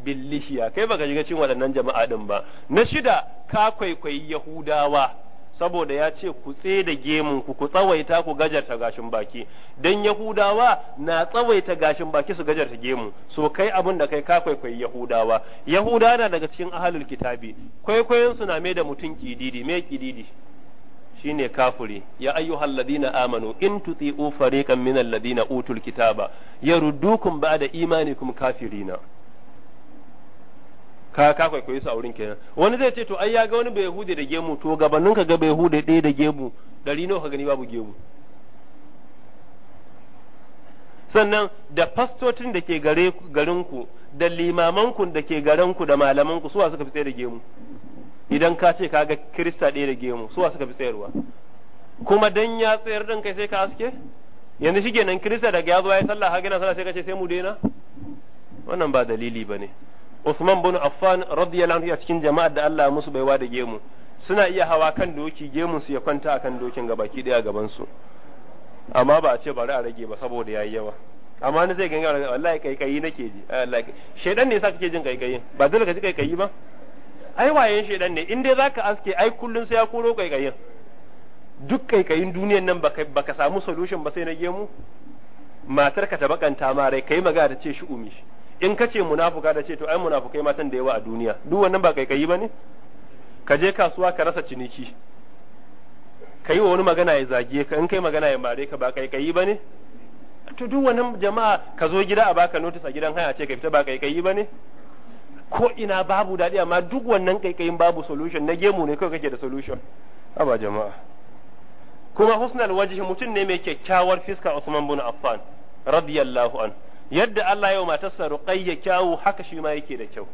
billihiya kai baka shiga cikin waɗannan jama'a din ba na shida ka kwaikwayi yahudawa saboda ya ce ku da gemun ku ku tsawaita ku gajarta gashin baki dan yahudawa na tsawaita gashin baki su gajarta gemu so kai abin da kai ka kwaikwayi yahudawa yahuda na daga cikin ahalul kitabi kwaikwayon su na mai da mutum kididi mai kididi shine kafuri ya ayyuhal ladina amanu in tuti'u fariqan minal ladina utul kitaba yaruddukum ba'da imanikum kafirina ka ka kai koyi su a wurin kenan wani zai ce to ai ya ga wani bai hude da gemu to gabanin ka ga bai hude ɗaya da gemu ɗari nawa ka gani babu gemu sannan da fastotin da ke gare ku da limaman ku da ke ku da malaman ku suwa suka fi tsaye da gemu idan ka ce ka ga kirista ɗaya da gemu suwa suka fi tsayarwa kuma dan ya tsayar din kai sai ka aske yanzu shi kenan kirista daga ya zo ya sallah ha gina sallah sai ka ce sai mu daina wannan ba dalili ba ne Uthman bin Affan radiyallahu anhu a cikin jama'ar da Allah musu baiwa da gemu suna iya hawa kan doki gemun su ya kwanta akan dokin baki daya gaban su amma ba a ce bari a rage ba saboda yayi yawa amma ni zai ganga wallahi kaikayi nake ji eh, wallahi shedan ne yasa kake jin kaikayi ba dole ka ji kaikayi ba ai wayen shedan ne in dai zaka aske ai kullun sai ya koro kai duk kaikayin duniyar nan baka baka samu solution ba sai na gemu matar ka ta bakanta ma rai kai magana ta ce shi umi shi in ka ce munafuka da ce to ai munafukai matan da yawa a duniya duk wannan ba kaikayi ba ne ka je kasuwa ka rasa ciniki ka yi wa wani magana ya zage ka in kai magana ya mare ka ba kaikayi ba ne to duk wannan jama'a ka zo gida a baka notice a gidan haya ce ka fita ba kaikayi ba ne ko ina babu dadi amma duk wannan kaikayin babu solution na gemu ne kawai kake da solution aba jama'a kuma husnal wajhi mutum ne mai kyakkyawar fiska Usman bin Affan radiyallahu anhu yadda Allah yau matarsa ruqayya kyawu haka shi ma yake da kyau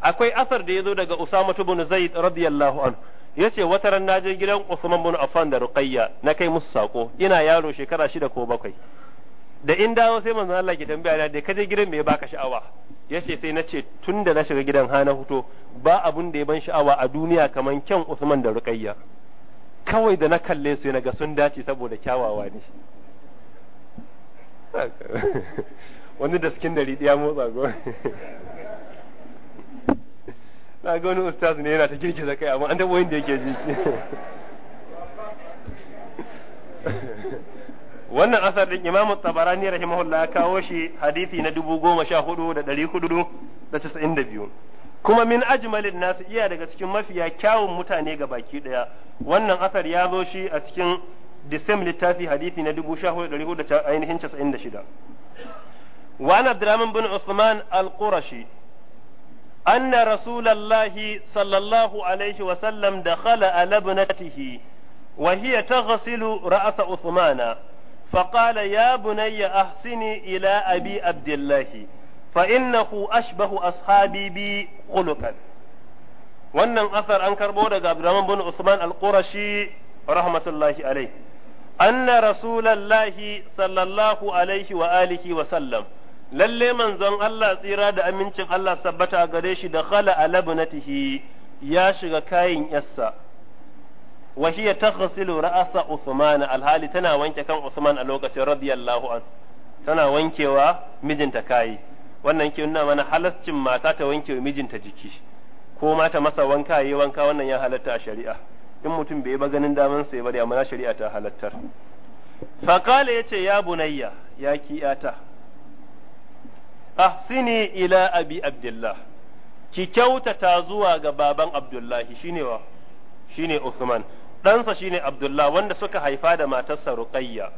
akwai asar da ya zo daga Usama ibn Zaid radiyallahu anhu yace wata ran naje gidan Usman ibn Affan da Ruqayya na kai musu sako ina yaro shekara shida ko bakwai da in dawo sai manzon Allah ke tambaya da kaje gidan me baka sha'awa yace sai na ce tun na shiga gidan hana huto ba abun da ya ban sha'awa a duniya kaman kyan Usman da Ruqayya kawai da na kalle su na ga sun dace saboda kyawawa ne wani sukin dari ɗaya motsa go na ga wani ustaz ne yana ta girgiza kai amma an taɓa yin da yake ji wannan asar din imam tabarani rahimahullah ya kawo shi hadisi na dubu goma sha hudu da ɗari hudu da casa'in da biyu kuma min ajmalin nasu iya daga cikin mafiya kyawun mutane ga baki ɗaya wannan asar ya zo shi a cikin disem littafi hadisi na dubu sha hudu da hudu da ainihin casa'in da shida وعن عبد الرحمن بن عثمان القرشي أن رسول الله صلى الله عليه وسلم دخل على ابنته وهي تغسل رأس عثمان فقال يا بني أحسني إلى أبي عبد الله فإنه أشبه أصحابي بي خلقا wannan asar an karbo daga Abdurrahman bin Usman al-Qurashi rahmatullahi alaihi anna rasulallahi sallallahu alaihi wa alihi wa sallam lalle manzon Allah tsira da amincin Allah sabbata a gare shi da khala alabnatihi ya shiga kayin 'yarsa. wa hiya taghsilu ra'sa Uthman alhali tana wanke kan Uthman a lokacin radiyallahu an tana wankewa mijinta kayi wannan ke nuna mana halaccin mata ta wanke mijinta jiki ko mata masa wanka yayi wanka wannan ya halatta a shari'a in mutum bai ba ganin daman sai bari amma shari'a ta halattar ya yace ya bunayya ya ki yata ahsini ila abi abdullah ki kyautata zuwa ga baban abdullahi shine wa shine Uthman ɗansa shine Abdullah wanda suka haifa da matarsa Ruqayya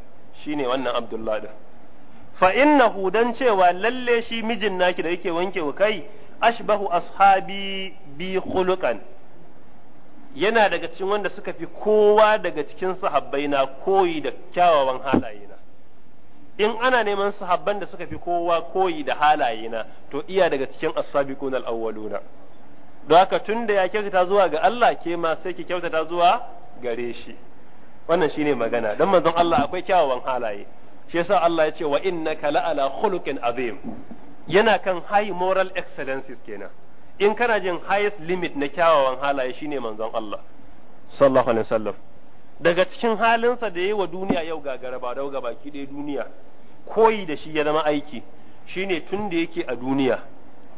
shine wannan Abdullah din fa innahu dan cewa lalle shi mijin naki da yake wanke wa kai ashbahu ashabi bi khuluqan yana daga cikin wanda suka fi kowa daga cikin sahabbaina koyi da kyawawan halayena in ana neman sahabban da suka fi kowa koyi da halaye na to iya daga cikin asabiqun sabiqun al-awwaluna don haka tunda ya kyautata zuwa ga Allah ke ma sai ki kyautata zuwa gare shi wannan shine magana dan manzon Allah akwai kyawawan halaye shi yasa Allah ya ce wa innaka la'ala khuluqin azim yana kan high moral excellences kenan in kana jin highest limit na kyawawan halaye shine manzon Allah sallallahu alaihi wasallam daga cikin halinsa da yi wa duniya yau gagara ba dauga baki ɗaya duniya koyi da shi ya zama aiki shine tun da yake a duniya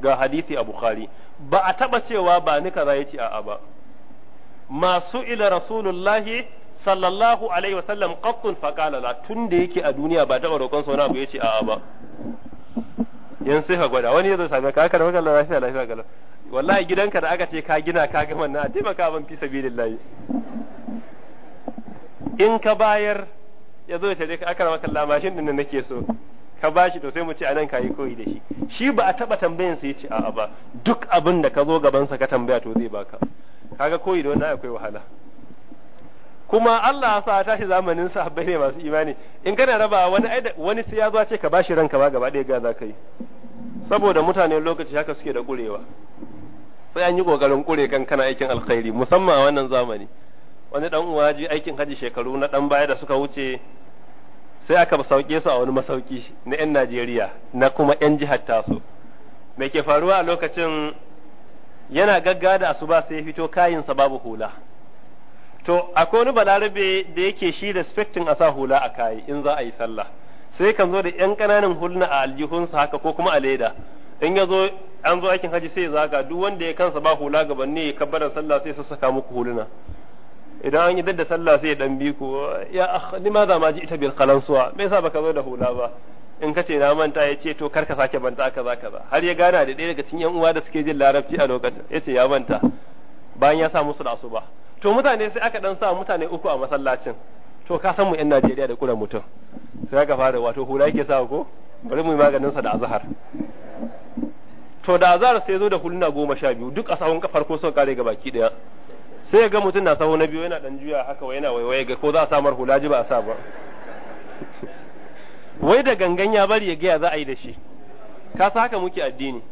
ga hadisi a bukhari ba a taba cewa ba ni kaza yace a'a ba masu ila rasulullahi sallallahu alaihi wasallam qattun faqala la tun da yake a duniya ba taba roƙon sa wani abu yace a'a ba yan sai ka gwada wani zai same ka karba da maka lafiya lafiya gala wallahi gidanka da aka ce ka gina ka gama na taimaka ban fi sabilillahi in ka bayar ya zo ya je ka akara maka lamashin din nake so ka bashi to sai mu ce anan ka yi koyi da shi shi ba a taba tambayan sa yace a'a ba duk abin da ka zo gaban sa ka tambaya to zai baka kaga koyi da wannan akwai wahala kuma Allah ya sa tashi zamanin sahabbai ne masu imani in kana raba wani wani sai ya zo ce ka bashi ranka ba gaba ɗaya ga za ka yi saboda mutane lokaci haka suke da kurewa sai an yi kokarin kure kan kana aikin alkhairi musamman a wannan zamani wani dan uwa ji aikin haji shekaru na dan baya da suka wuce sai aka sauke su a wani masauki na 'yan Najeriya na kuma 'yan jihar taso me ke faruwa a lokacin yana gagga da asuba sai ya fito kayinsa babu hula to akwai wani balarabe da yake shi da spectin a sa hula a kayi in za a yi sallah sai kan zo da 'yan ƙananan hulna a aljihunsa haka ko kuma a leda in ya zo an zo aikin haji sai ya zaga duk wanda ya kansa ba hula gaban ne ya kabbaran sallah sai sassaka muku huluna idan an yi da sallah sai ya dan bi ku ya akh limadha ma ji ita bil qalansuwa me yasa baka zo da hula ba in kace na manta ya ce to kar ka sake banta ka ba har ya gana da ɗaya daga cikin yan uwa da suke jin larabci a lokacin ya ce ya manta bayan ya sa musu da su ba to mutane sai aka dan sa mutane uku a masallacin to ka san mu yan Najeriya da kura mutum sai aka fara wato hula yake sa ko bari mu yi maganin sa da azhar to da azhar sai zo da huluna goma sha biyu duk a sahun ko suka kare ga baki daya sai ga mutum na sahu na biyu yana dan juya haka wai yana waiwaye ga ko za a samar hula ji ba a sa ba wai da gangan ya bari ya gaya za a yi da shi ka sa haka muke addini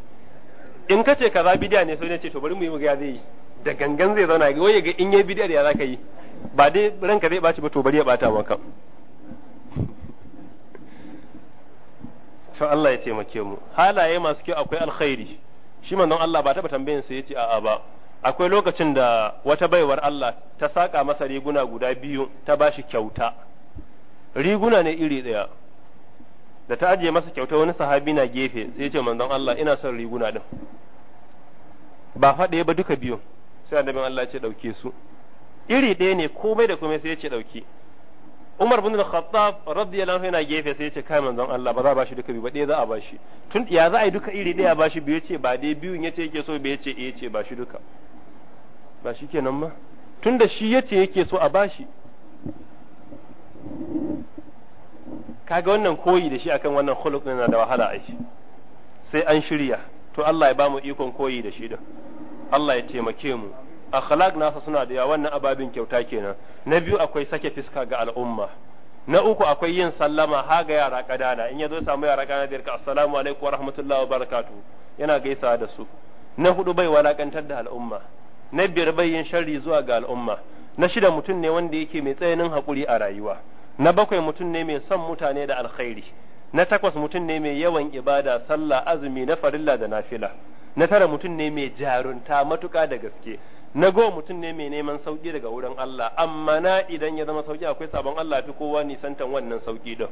in ka ce kaza bidiya ne sai na ce to bari mu yi mu ya zai yi da gangan zai zauna ga wai ga in yayi bidiya ya za ka yi ba dai ranka zai baci ba to bari ya bata maka to Allah ya taimake mu halaye masu kyau akwai alkhairi shi manzon Allah ba taba tambayin ya yace a'a ba akwai lokacin da wata baiwar Allah ta saƙa masa riguna guda biyu ta bashi kyauta riguna ne iri ɗaya da ta ajiye masa kyauta wani sahabi na gefe sai ya ce manzon Allah ina son riguna din ba faɗe ba duka biyu sai annabin Allah ya ce ɗauke su iri ɗaya ne komai da komai sai ya ce ɗauki Umar bin Al-Khattab radiyallahu anhu yana gefe sai ya ce kai manzon Allah ba za a bashi duka biyu ba ɗaya za a bashi tun ya za a yi duka iri ɗaya bashi biyu ya ce ba dai biyun ya ce yake so bai ce eh ce bashi duka ba shi kenan ba tunda shi yace yake so a bashi kaga wannan koyi da shi akan wannan khuluq na da wahala shi sai an shirya to Allah ya ba mu ikon koyi da shi da Allah ya taimake mu akhlaq nasa suna da yawa wannan ababin kyauta kenan na biyu akwai sake fiska ga al'umma na uku akwai yin sallama ha ga yara kadana in yazo samu yara kadana da yarka assalamu alaikum wa rahmatullahi wa barakatuh yana gaisa da su na hudu bai walakantar da al'umma na biyar bayyin sharri zuwa ga al'umma na shida mutum ne wanda yake mai tsayanin haƙuri a rayuwa na bakwai mutum ne mai son mutane da alkhairi na takwas mutum ne mai yawan ibada sallah azumi na farilla da nafila na tara mutum ne mai jarunta matuƙa da gaske na goma mutum ne mai neman sauki daga wurin Allah amma na idan ya zama sauki akwai sabon Allah fi kowa nisantan wannan sauki din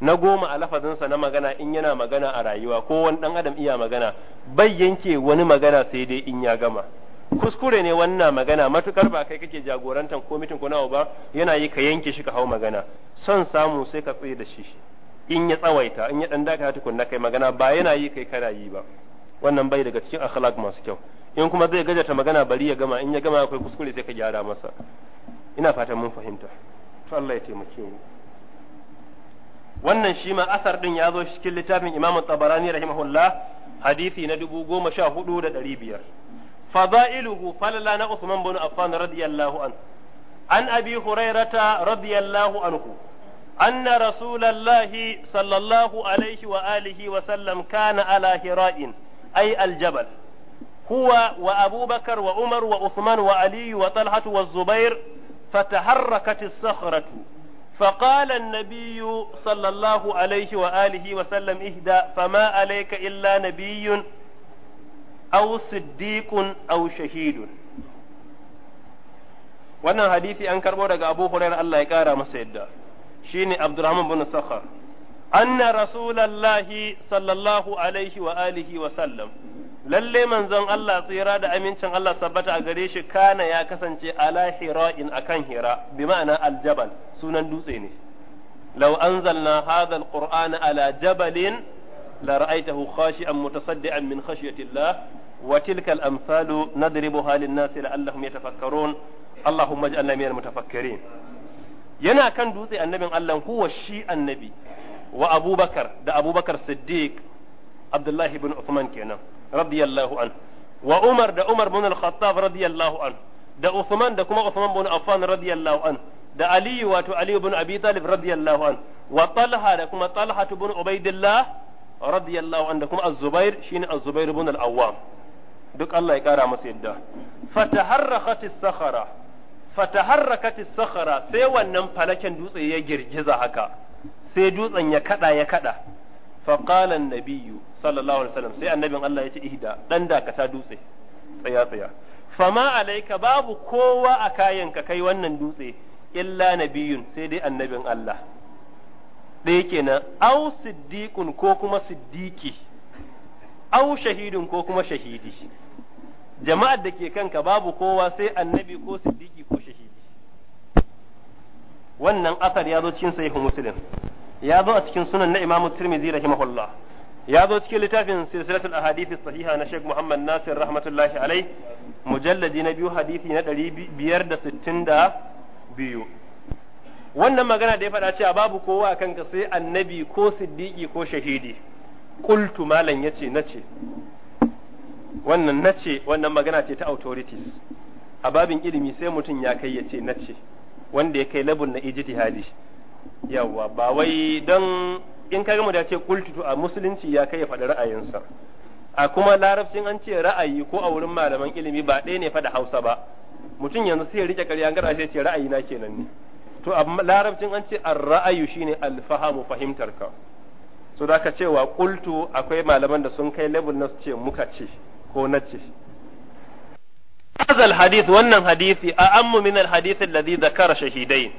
na goma a lafazinsa na magana in yana magana a rayuwa ko wani dan adam iya magana bai yanke wani magana sai dai in ya gama kuskure ne wannan magana matukar ba kai kake jagorantar komitin ko nawa ba yana yi ka yanke shi ka hau magana son samu sai ka tsaye da shi in ya tsawaita in ya dan daka tukunna kai magana ba yana yi kai kana yi ba wannan bai daga cikin akhlaq masu kyau in kuma zai gajata magana bari ya gama in ya gama akwai kuskure sai ka gyara masa ina fatan mun fahimta to Allah ya taimake mu wannan shi ma asar din ya zo cikin littafin Imam Tabarani rahimahullah hadisi na dubu goma sha hudu da ɗari biyar فضائله فلا عثمان بن عفان رضي الله عنه عن أبي هريرة رضي الله عنه أن رسول الله صلى الله عليه وآله وسلم كان على هراء أي الجبل هو وأبو بكر وعمر وعثمان وعلي وطلحة والزبير فتحركت الصخرة فقال النبي صلى الله عليه وآله وسلم إهدى فما عليك إلا نبي aw siddiqun aw shahidun wannan hadisi an karbo daga Abu Hurairah Allah ya kara masa yadda shine Abdurrahman bin Sakhar anna rasulallahi sallallahu alaihi wa alihi wa sallam lalle manzon Allah tsira da amincin Allah sabbata a gare shi kana ya kasance ala hira'in akan hira bi ma'ana aljabal sunan dutse ne law anzalna hadha alqur'ana ala jabalin la ra'aytahu khashi'an mutasaddian min khashyati Allah وتلك الأمثال نضربها للناس لعلهم يتفكرون اللهم اجعلنا من المتفكرين yana kan dutse annabin Allah huwa shi annabi wa abubakar da abubakar siddiq abdullahi bin Uthman kenan radiyallahu an wa umar da umar bin al-khattab radiyallahu an da Uthman da kuma Uthman bin Affan radiyallahu an da Ali wato Ali bin Abi Talib radiyallahu an wa Talha da kuma Talha bin Ubaidillah radiyallahu an da kuma Az-Zubair shine Az-Zubair bin al-Awwam duk Allah ya kara masa yadda fataharrakatis sakhara fataharrakatis sakhara sai wannan falaken dutse ya girgiza haka sai dutsen ya kada ya kada faqala nabiyyu sallallahu alaihi wasallam sai annabin Allah ya ce ihda dan dakata dutse tsaya tsaya fama alaika babu kowa a kayanka kai wannan dutse illa nabiyyun sai dai annabin Allah ɗaya kenan au siddiqun ko kuma siddiqi au shahidun ko kuma shahidi jama'ar da ke kanka babu kowa sai annabi ko siddiki, ko shahidi wannan asar ya zo cikin sahihu muslim ya zo a cikin sunan na imamu tirmidhi rahimahullah ya zo cikin littafin silsilatul ahadith sahiha na Sheikh Muhammad Nasir rahmatullahi alai mujalladi na biyu hadithi na biyar da da sittin biyu. wannan magana da ya faɗa cewa babu kowa kanka sai annabi ko siddiki, ko shahidi qultu malan yace nace wannan nace wannan magana ce ta authorities a babin ilimi sai mutum ya kai ya ce nace wanda ya kai labun na ijtihadi yawa ba wai don in ka gama da ce kultutu a musulunci ya kai ya faɗi ra'ayinsa a kuma larabcin an ce ra'ayi ko a wurin malaman ilimi ba ɗaya ne faɗa hausa ba mutum yanzu sai ya rike ƙarya gara sai ce ra'ayi na kenan ne to a larabcin an ce ar ra'ayu shine alfahamu fahimtar ka so da ka cewa kultu akwai malaman da sun kai level na su ce muka ce ko nace hadal hadith wannan hadisi a ammu min al hadith alladhi zakara shahidain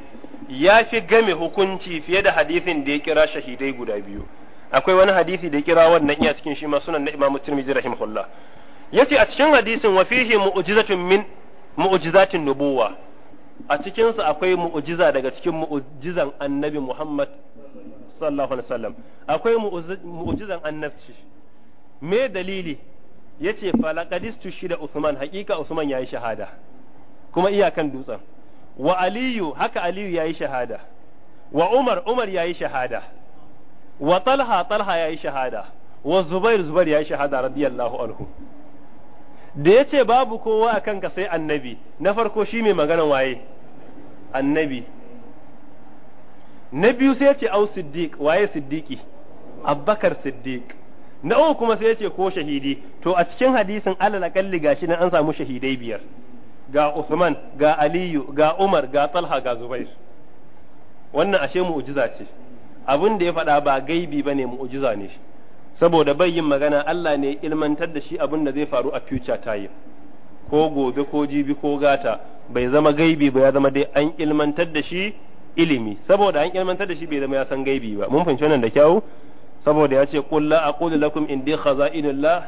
ya fi game hukunci fiye da hadisin da ya kira shahidai guda biyu akwai wani hadisi da ya kira wannan iya cikin shi ma sunan na imamu Tirmidhi rahimahullah yace a cikin hadisin wa fihi mu'jizatun min mu'jizatin nubuwa a cikin sa akwai mu'jiza daga cikin mu'jizan annabi Muhammad sallallahu alaihi wasallam akwai mu'jizan annabci me dalili yace shi shida usman hakika usman yayi shahada kuma iyakan dutsen wa aliyu haka aliyu yayi shahada wa umar umar yayi shahada wa talha talha yayi shahada wa zubair zubair yayi shahada radiyallahu anhu da yace babu kowa a kanka sai annabi na farko shi mai magana waye annabi na biyu sai ya ce au siddiq waye siddiqi abbakar siddiq na uku kuma sai ya ce ko shahidi to a cikin hadisin alal kalli gashi nan an samu shahidai biyar ga Usman ga Aliyu ga Umar ga Talha ga Zubair wannan ashe mu'jiza ce abin da ya faɗa ba gaibi bane mu'jiza ne shi saboda bai yin magana Allah ne ilmantar da shi abin da zai faru a future time ko gobe ko jibi ko gata bai zama gaibi ba ya zama dai an ilmantar da shi ilimi saboda an ilmantar da shi bai zama ya san gaibi ba mun fahimci nan da kyau saboda ya ce qul la aqulu lakum indi khaza'inullah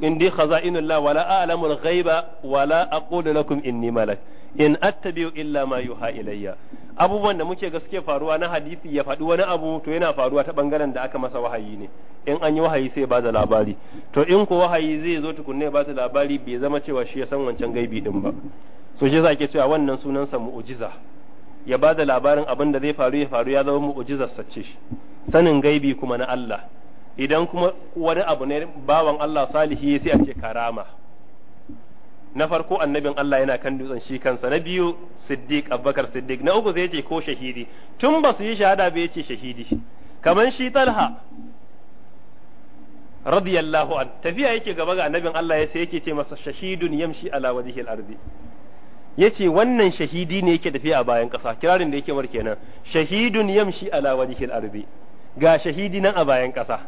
indi khaza'inullah wala a'lamu al-ghaiba wala aqulu lakum inni malak in attabi'u illa ma yuha ilayya abubuwan da muke gaske faruwa na hadisi ya faɗi wani abu to yana faruwa ta bangaren da aka masa wahayi ne in an yi wahayi sai ba da labari to in ko wahayi zai zo tukunne ba da labari bai zama cewa shi ya san wancan gaibi din ba so shi zake cewa wannan sunan sa mu'jiza ya ba da labarin abin da zai faru ya faru ya zama mu'jizar sace shi sanin gaibi kuma na Allah idan kuma wani abu ne bawan Allah salihi sai a ce karama na farko annabin Allah yana kan dutsen shi kansa na biyu siddiq abubakar siddiq na uku zai ce ko shahidi tun ba su yi shahada ba ya ce shahidi kamar shi talha radiyallahu an tafiya yake gaba ga annabin Allah ya sai yake ce masa shahidun yamshi ala wajhil ardi yace wannan shahidi ne yake tafiya a bayan kasa kirarin da yake mar kenan shahidun yamshi ala wajhil ardi ga shahidi nan a bayan ƙasa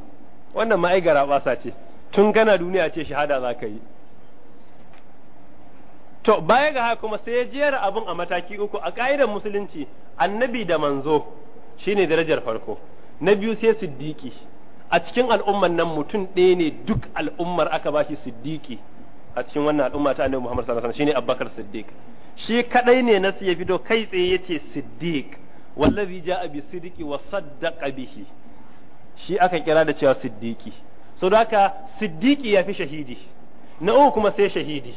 wannan ma ai ɓasa ce tun kana duniya ce shahada za ka yi to baya ga haka kuma sai ya jera abin a mataki uku a ƙa'idar musulunci annabi da manzo shine darajar farko na biyu sai siddiƙi a cikin al'umman nan mutum ɗaya ne duk al'ummar aka ba shi siddiƙi a cikin wannan al'umma ta annabi Muhammad sallallahu alaihi wasallam shine Abubakar Siddiq shi kadai ne nasu ya fito kai tsaye yace Siddiq wallazi ja bi sidiki wa saddaqa bihi shi aka kira da cewa siddiki so da haka ya yafi shahidi na uku kuma sai shahidi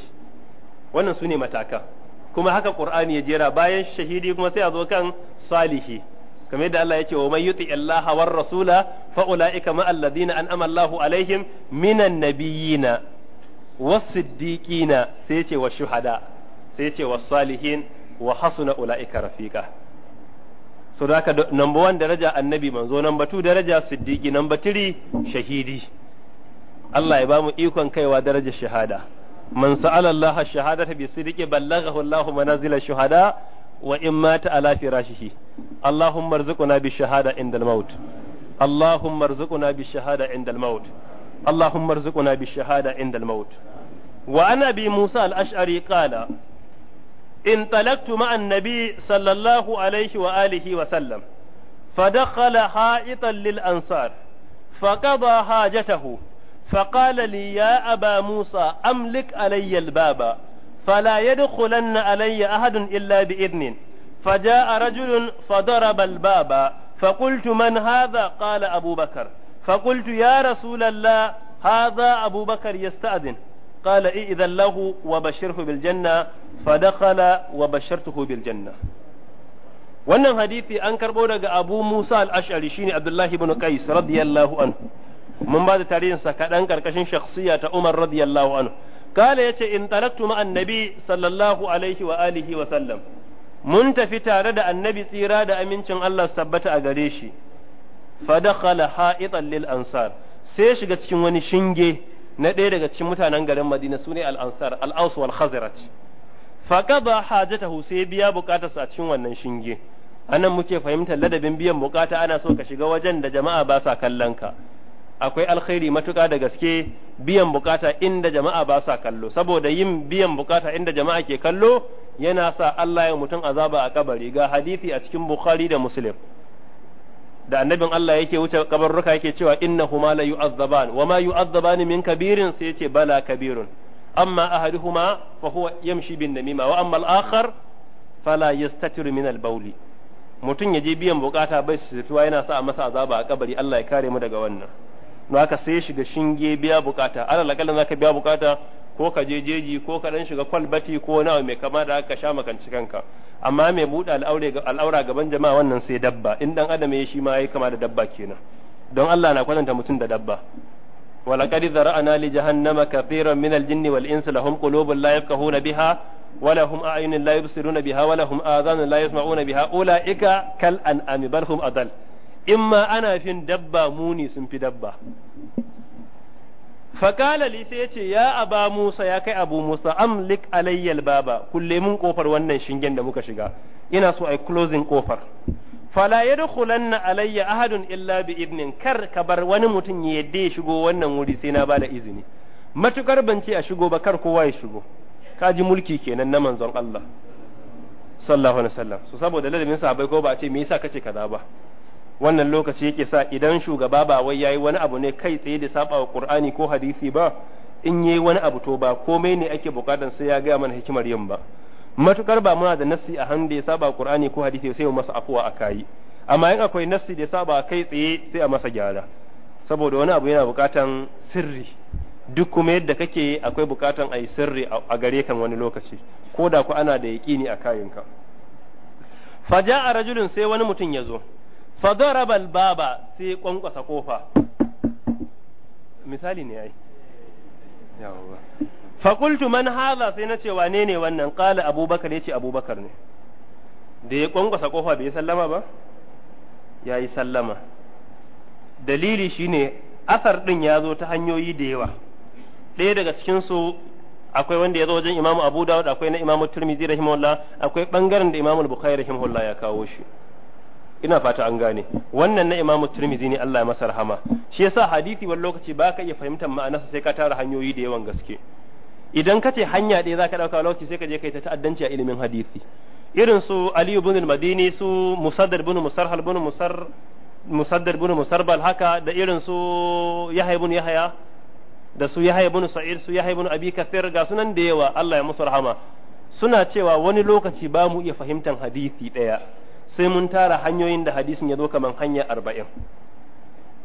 wannan su ne mataka kuma haka qur'ani ya jera bayan shahidi kuma sai a zo kan salihi kamar yadda Allah ya ce wa man yuti Allah war rasula fa ulaika ma alladhina an'ama Allahu alaihim minan nabiyina was siddiqina sai ya ce wa shuhada sai ya ce wa salihin wa hasuna ulaika rafiqa so da haka number one daraja annabi manzo number two daraja siddiqi number three shahidi Allah ya ba mu ikon kaiwa daraja shahada man sa'ala Allah ash-shahadata bi sidqi ballaghahu Allahu manazila shuhada wa in mata ala firashihi Allahumma arzuqna bi shahada indal maut اللهم Allahumma بالشهادة عند الموت اللهم ارزقنا بالشهادة عند الموت وعن أبي موسى الأشعري قال انطلقت مع النبي صلى الله عليه وآله وسلم فدخل حائطا للأنصار فقضى حاجته فقال لي يا أبا موسى أملك علي الباب فلا يدخلن علي أحد إلا بإذن فجاء رجل فضرب الباب فقلت من هذا قال أبو بكر فقلت يا رسول الله هذا أبو بكر يستأذن قال i lahu wa bashirhu bil janna wannan hadisi an karbo daga Abu Musa al-Ash'ari shine abdullahi ibn Qais radiyallahu anhu mun ba da tarihin sa kadan karkashin shakhsiya ta Umar radiyallahu anhu kale yace in talattu ma annabi sallallahu alaihi wa alihi wa sallam mun tafi tare da annabi tsira da amincin Allah sabbata a gare shi fa dakhala ha'itan lil ansar sai shiga cikin wani shinge na ɗaya daga cikin mutanen garin Madina sune al-Ansar al-Aws wal Khazraj faqada hajatahu sai biya bukatar a cikin wannan shinge anan muke fahimtar ladabin biyan bukata ana so ka shiga wajen da jama'a ba sa kallon ka akwai alkhairi matuƙa da gaske biyan bukata inda jama'a ba sa kallo saboda yin biyan bukata inda jama'a ke kallo yana sa Allah ya mutum azaba a kabari ga hadisi a cikin Bukhari da Muslim da annabin Allah yake wuce kabarruka yake cewa innahuma la yu'azzaban wama yu'azzabani min kabirin sai yace bala kabirun amma ahaduhuma fa huwa yamshi bin namima wa amma al-akhar fala yastatiru min al-bawli mutum ya je biyan bukata bai sirtuwa yana sa masa azaba a kabari Allah ya kare mu daga wannan don haka sai ya shiga shinge biya bukata alal akalla zaka biya bukata ko ka je jeji ko ka dan shiga kwalbati ko nawa mai kama da haka sha makanci kanka amma mai buɗe al'aura gaban jama'a wannan sai dabba in dan adam ya shi ma yayi kama da dabba kenan don Allah na kwatanta mutum da dabba walaqad zara'na li jahannama kafiran min al-jinn wal insi lahum qulubun la yafqahuna biha wa lahum a'yunun la yubsiruna biha wa lahum adhanun la yasma'una biha ulaika kal an'ami bal hum adall imma ana fin dabba muni sun fi dabba fakala li sai ya ce ya aba musa ya kai abu musa amlik alayyal baba kulle mun kofar wannan shingen da muka shiga ina so ai closing kofar fala yadkhulanna alayya ahadun illa bi idnin kar ka bar wani mutum ya yadda ya shigo wannan wuri sai na bada izini matukar ban ce a shigo ba kar kowa ya shigo kaji mulki kenan na manzon Allah sallallahu alaihi wasallam so saboda ladabin sahabbai ko ba a ce me yasa kace kaza ba wannan lokaci yake sa idan shugaba ba wai yayi wani abu ne kai tsaye da saba wa qur'ani ko hadisi ba in yayi wani abu to ba komai ne ake bukatar sai ya ga mana hikimar yin ba matukar ba muna da nassi a hannu da ya saba qur'ani ko hadisi sai mu masa afuwa a kai amma in akwai nassi da ya saba kai tsaye sai a masa gyara saboda wani abu yana bukatan sirri duk kuma yadda kake akwai bukatan a sirri a gare kan wani lokaci ko da ku ana da yaƙini a kayanka faja a rajulun sai wani mutum ya zo فضرب baba sai kwankwasa kofa, misali ne ai fakultu man haza sai na ce wane ne wannan ƙala abubakar ya ce abubakar ne da ya kwankwasa kofa bai sallama ba ya yi sallama dalili shine asar din ya zo ta hanyoyi da yawa ɗaya daga cikinsu akwai wanda ya zo wajen imamu abu dawud akwai na imamu turmizi rahimahullah akwai bangaren da imamu bukhari rahimahullah ya kawo shi ina fata an gane wannan na imamu turmizi ne Allah ya masa rahama shi yasa hadisi wani lokaci ba ka iya fahimtar ma'anarsa sai ka tara hanyoyi da yawan gaske idan ka ce hanya ɗaya za ka ɗauka lokaci sai ka je kai ta ta'addanci a ilimin hadisi irin su aliyu bin madini su musaddar bin musarhal bin musar musaddar bin musarbal haka da irin su yahya bin yahya da su yahya bin sa'id su yahya bin abi kafir ga sunan da yawa Allah ya masa rahama suna cewa wani lokaci ba mu iya fahimtar hadisi ɗaya sai mun tara hanyoyin da hadisin ya zo kaman hanya arba'in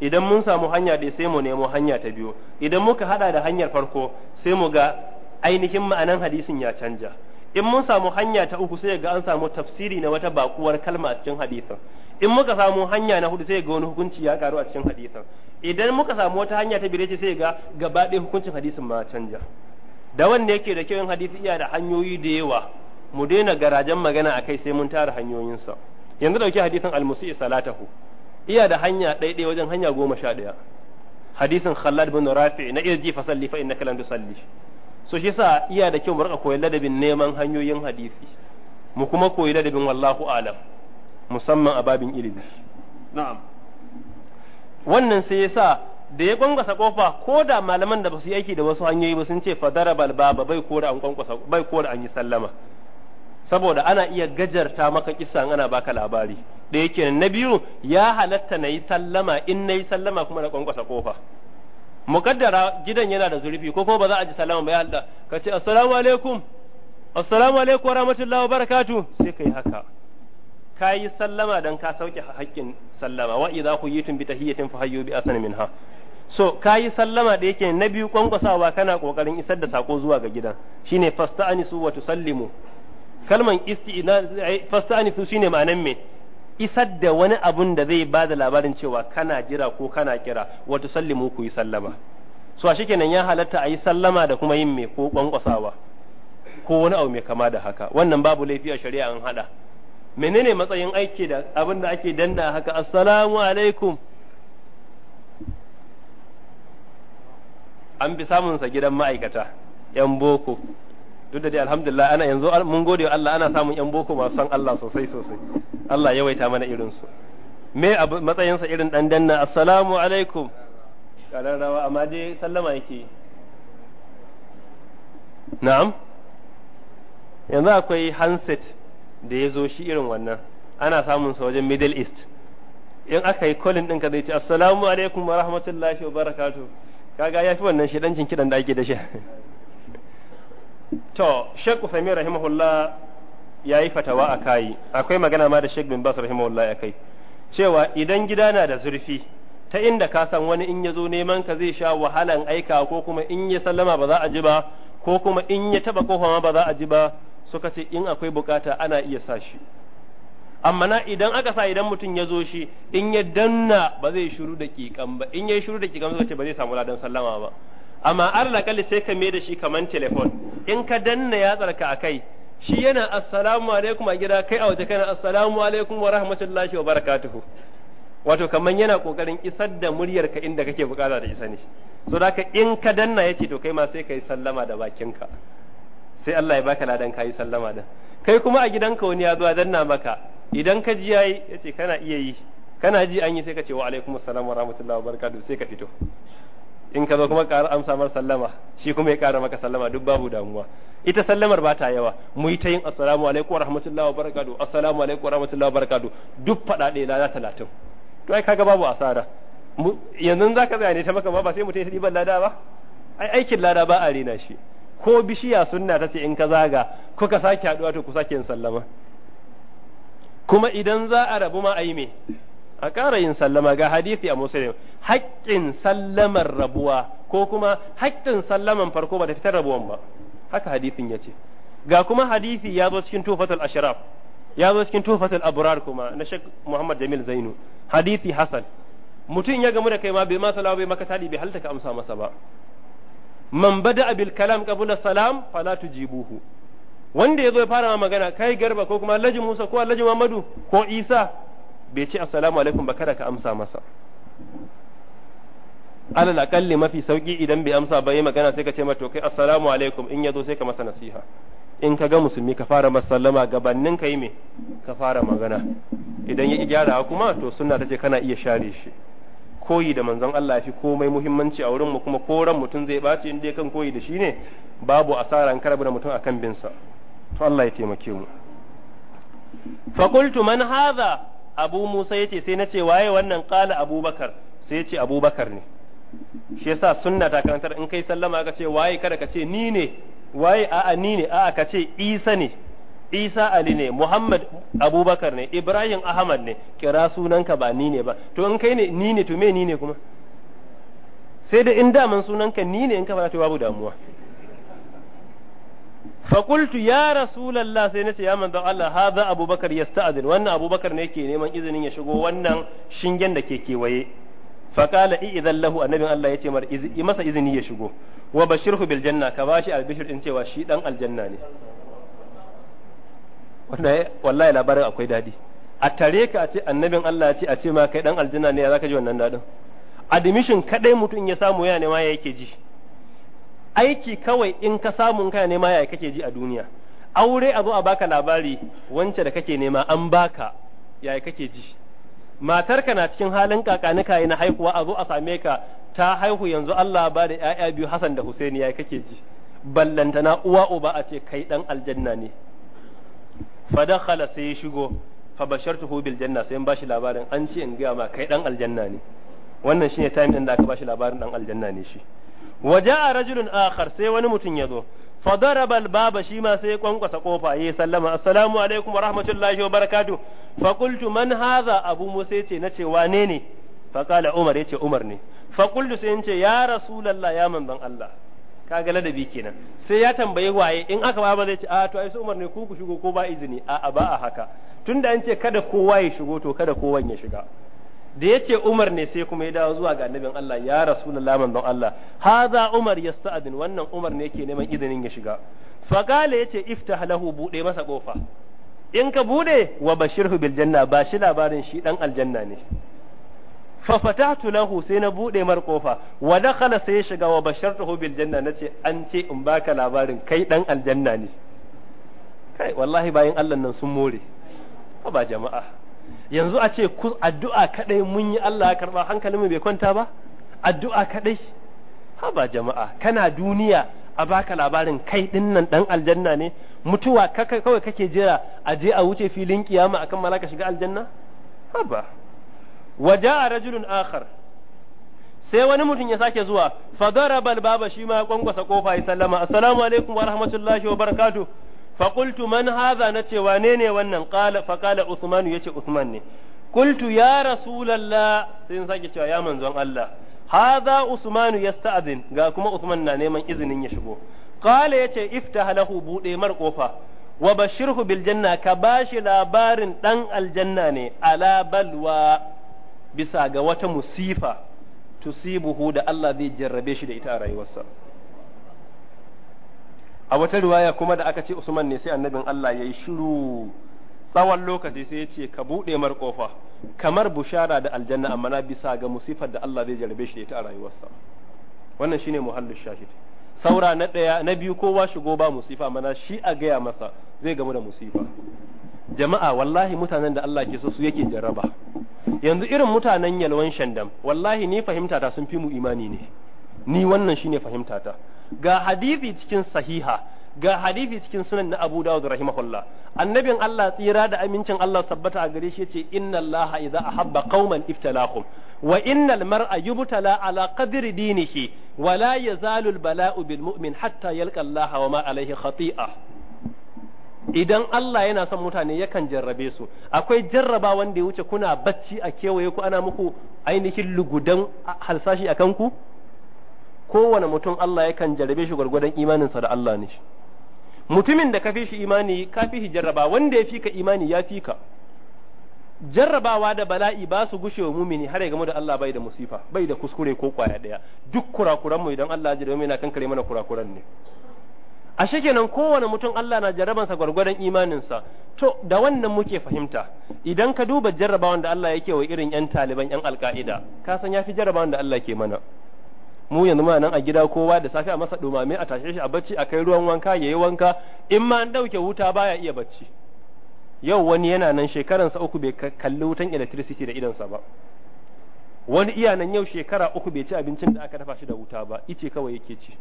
idan mun samu hanya ɗaya sai mu nemo hanya ta biyu idan muka hada da hanyar farko sai mu ga ainihin ma'anan hadisin ya canja in mun samu hanya ta uku sai ga an samu tafsiri na wata bakuwar kalma a cikin hadisin in muka samu hanya na hudu sai ga wani hukunci ya karu a cikin hadisin idan muka samu wata hanya ta biyu sai ga gaba ɗaya hukuncin hadisin ma canja da wanda yake da kyau hadisi iya da hanyoyi da yawa mu daina garajen magana akai sai mun tara hanyoyinsa yanzu dauki hadisin almusi salatahu iya da hanya daidai wajen hanya goma sha daya. hadisin khallad bin rafi na irji fasalli fa innaka lam tusalli so shi yasa iya da kyau mu rika koyi ladabin neman hanyoyin hadisi mu kuma koyi ladabin wallahu alam musamman a babin ilimi na'am wannan sai yasa da ya kwankwasa kofa ko da malaman da ba su yi aiki da wasu hanyoyi ba sun ce fadarabal baba bai kora an kwankwasa bai kora an yi sallama saboda ana iya gajarta maka kisan ana baka labari da yake na biyu ya halatta na yi sallama in na yi sallama kuma na kwankwasa kofa mukaddara gidan yana da zurfi ko kuma ba za a ji sallama ba ya ka ce assalamu alaikum assalamu alaikum wa rahmatullahi wa barakatu sai kai haka ka yi sallama dan ka sauke haƙƙin sallama wa idza kuyitum bi tahiyatin fa hayyu bi asani minha so ka yi sallama da yake na biyu kwankwasawa kana kokarin isar da sako zuwa ga gidan shine fasta'anisu wa tusallimu kalman isti'na eh, fasta'anisu shine ma'anan me isar da wani abun da zai ba da labarin cewa kana jira ko kana kira wa tusallimu ku yi sallama so a shikenan ya halatta a yi sallama da kuma yin me ko kwankwasawa ko wani abu mai kama da haka wannan babu laifi a shari'a an hada menene matsayin aiki da abin da ake danda haka assalamu alaikum an bi samunsa gidan ma'aikata yan boko duk da dai alhamdulillah ana yanzu mun gode wa Allah ana samun yan boko masu san Allah sosai sosai Allah yawaita mana irin su me abu matsayinsa irin dan danna assalamu alaikum karan rawa amma dai sallama yake na'am yanzu akwai handset da ya zo shi irin wannan ana samun sa wajen middle east in aka yi din ka zai ce assalamu alaikum wa rahmatullahi wa barakatuh kaga ya fi wannan shidancin kiɗan da ake da shi to Sheikh Uthaymeen rahimahullah yi fatawa a kai akwai magana ma da Sheikh bin Bas rahimahullah ya kai cewa idan gida na da zurfi ta inda ka san wani in ya zo neman ka zai sha wahalan aika ko kuma in ya sallama ba za a ji ba ko kuma in ya taba kofa ma ba za a ji ba suka ce in akwai bukata ana iya sa shi amma na idan aka sa idan mutum ya zo shi in ya danna ba zai shiru da kikan ba in ya shiru da kikan suka ce ba zai samu ladan sallama ba amma arna kalli sai ka da shi kaman telefon in ka danna tsarka a kai shi yana assalamu alaikum a gida kai a waje kana assalamu alaikum wa rahmatullahi wa barakatuhu wato kaman yana kokarin isar da muryarka inda kake bukata da isa ne so da in ka danna yace to kai ma sai kai sallama da bakinka sai Allah ya baka ladan kai sallama da kai kuma a gidanka wani ya zo danna maka idan ka ji yayi yace kana iya yi kana ji an yi sai ka ce wa alaikumus salam wa rahmatullahi wa barakatuhu sai ka fito in ka zo kuma ƙara amsa mar sallama shi kuma ya ƙara maka sallama duk babu damuwa ita sallamar ba ta yawa mu yi ta yin assalamu alaikum wa wa wabarakatuh assalamu alaikum wa wa wabarakatuh duk faɗa ɗaya lada talatin to ai kaga babu asara yanzu za ka tsaya ne ta maka ba sai mutum ya ɗiban lada ba ai aikin lada ba a rena shi ko bishiya sunna ta ce in ka zaga kuka sake haɗuwa to ku sake yin sallama kuma idan za a rabu ma a yi me a ƙara yin sallama ga hadisi a musulun haƙƙin sallamar rabuwa ko kuma haƙƙin sallaman farko ba da fitar rabuwan ba haka hadisin ya ce ga kuma hadisi ya zo cikin tufatul ashraf ya zo cikin tufatul abrar kuma na shek muhammad jamil zainu hadisi hasan mutum ya gamu da kai ma bai ma salawa bai maka tali bai halta ka amsa masa ba man bada bil kalam qabla salam fala tujibuhu wanda ya zo ya fara ma magana kai garba ko kuma alhaji musa ko alhaji muhammadu ko isa bai ce assalamu alaikum ba kada ka amsa masa alal akalli mafi sauki idan bai amsa ba yi magana sai ka ce mata to kai assalamu alaikum in yazo sai ka masa nasiha in ka ga musulmi ka fara masallama gabanin ka yi me ka fara magana idan ya gyara kuma to sunna ta ce kana iya share shi koyi da manzon Allah fi komai muhimmanci a wurin mu kuma koran mutum zai baci inda dai kan koyi da shi ne babu asara an karbu da mutum akan bin sa to Allah ya taimake mu Fakultu qultu man hadha abu musa yace sai na ce waye wannan qala abubakar sai yace abubakar ne shi yasa sunna ta karantar in kai sallama aka ce waye kada ka ce ni ne waye a'a ni ne a'a ka ce isa ne isa ali ne muhammad abubakar ne ibrahim ahmad ne kira sunanka ba ni ne ba to in kai ne ni ne to me ni ne kuma sai da in daman sunanka ni ne in ka fara to babu damuwa fakultu ya rasulallah sai nace ya manzo Allah hadha abubakar yasta'zin wannan abubakar ne yake neman izinin ya shigo wannan shingen da ke kewaye Faƙala i idan lahu annabin Allah yace mar masa izini ya shigo wa bashirhu bil janna ka bashi albishir din cewa shi dan aljanna ne wannan wallahi labarin akwai dadi a tare ka a ce annabin Allah ya ce a ce ma kai dan aljanna ne ya zaka ji wannan dadin admission kadai mutum ya samu yana ne ma yake ji aiki kawai in ka samu ka ne ma ya kake ji a duniya aure a zo a baka labari wance da kake nema an baka yaya kake ji matarka na cikin halin kakanika na haihuwa a zo a same ka ta haihu yanzu Allah ba da ‘ya'ya biyu Hassan da Hussein ya kake ji ballantana uwa uba a ce kai ɗan aljanna ne fadakhala sai ya shigo fa bashartuhu bil janna sai in bashi labarin an ce in ga ma kai ɗan aljanna ne wannan shine time din da aka bashi labarin ɗan aljanna ne shi a rajulun akhar sai wani mutum ya zo fadaraba albaba shi ma sai ya kwankwasa kofa yayi sallama assalamu alaikum wa rahmatullahi wa barakatuh fa man hadha abu musa yace na ce wane ne fa qala umar yace umar ne fa qultu sai yace ya rasu rasulullah ya manzon Allah kaga ladabi kenan sai ya tambayi waye in aka ba ba zai ce a to ai su umar ne ku ku shigo ko ba izini a ba a haka tunda an ce kada kowa ya shigo to kada kowan ya shiga da ya ce Umar ne sai kuma ya dawo zuwa ga annabin Allah ya Rasulullah manzon Allah haza Umar yasta'din wannan Umar ne yake neman izinin ya shiga fa gale yace iftah lahu bude masa kofa in ka bude wa bashirhu bil janna ba shi labarin shi dan aljanna ne fa fatahtu lahu sai na bude mar kofa wa dakhala sai ya shiga wa bashartuhu bil janna nace an ce in baka labarin kai dan aljanna ne kai wallahi bayin Allah nan sun more ba jama'a yanzu a ce addu'a kadai mun yi Allah ya karba hankalin mu bai kwanta ba addu'a kadai ba jama'a kana duniya a baka labarin kai din nan dan aljanna ne mutuwa kawai kake jira a je a wuce filin kiyama akan malaka shiga aljanna haba waja'a rajulun akhar sai wani mutum ya sake zuwa fadarabal baba shi ma ya kwankwasa kofa ya sallama assalamu alaikum wa rahmatullahi wa barakatuh faƙultu man haza na ce wane ne wannan ƙala faƙala Usmanu ya ce Usman ne kultu ya rasulallah sai in sake cewa ya manzon Allah haza Usmanu yasta'zin ga kuma Usman na neman izinin ya shigo ƙala ya ce iftah lahu buɗe mar ƙofa wa bashirhu bil janna ka bashi labarin ɗan aljanna ne ala balwa bisa ga wata musifa buhu da Allah zai jarrabe shi da ita a rayuwarsa a wata riwaya kuma da aka ce Usman ne sai annabin Allah ya yi shiru tsawon lokaci sai ya ce ka buɗe mar kofa kamar bushara da aljanna amma na bisa ga musifar da Allah zai jarabe shi ita a rayuwarsa wannan shine muhallin shahid saura na ɗaya na biyu kowa shigo ba musifa mana shi a gaya masa zai gamu da musifa jama'a wallahi mutanen da Allah ke so su yake jaraba. yanzu irin mutanen yalwan shandam wallahi ni fahimta ta sun fi mu imani ne ni wannan shine fahimta ta ga hadisi cikin sahiha ga hadisi cikin sunan na Abu Dawud rahimahullah annabin Allah tsira da amincin Allah sabbata a gare shi yace inna Allah idza ahabba qauman iftalahum wa innal mar'a yubtala ala qadri dinihi wa la yazalu al bala'u bil mu'min hatta yalqa Allah wa ma alayhi khati'a idan Allah yana son mutane yakan jarrabe su akwai jarraba wanda ya wuce kuna bacci a kewaye ku ana muku ainihin lugudan halsashi akan ku kowane mutum Allah yakan jarrabe shi gwargwadon imaninsa da Allah ne mutumin da ka fi shi imani ka fi shi jarraba wanda ya fika ka imani ya fi jarrabawa da bala'i ba su gushewa mumini har ya gamu da Allah bai da musifa bai da kuskure ko kwaya daya duk kurakuran mu idan Allah ya jarrabe mu yana kankare mana kurakuran ne a kenan kowane mutum Allah na jarrabansa gwargwadon imaninsa to da wannan muke fahimta idan ka duba jarrabawan da Allah yake wa irin yan taliban yan alka'ida ka san fi jarrabawan da Allah ke mana mu yanzu ma nan a gida kowa da safe a masa dumame a tashe shi a bacci a kai ruwan wanka ya yi wanka in ma an ɗauke wuta baya iya bacci yau wani yana nan shekaransa uku bai kalli wutan electricity da idansa ba wani iya nan yau shekara uku bai ci abincin da aka dafa shi da wuta ba ice kawai yake ci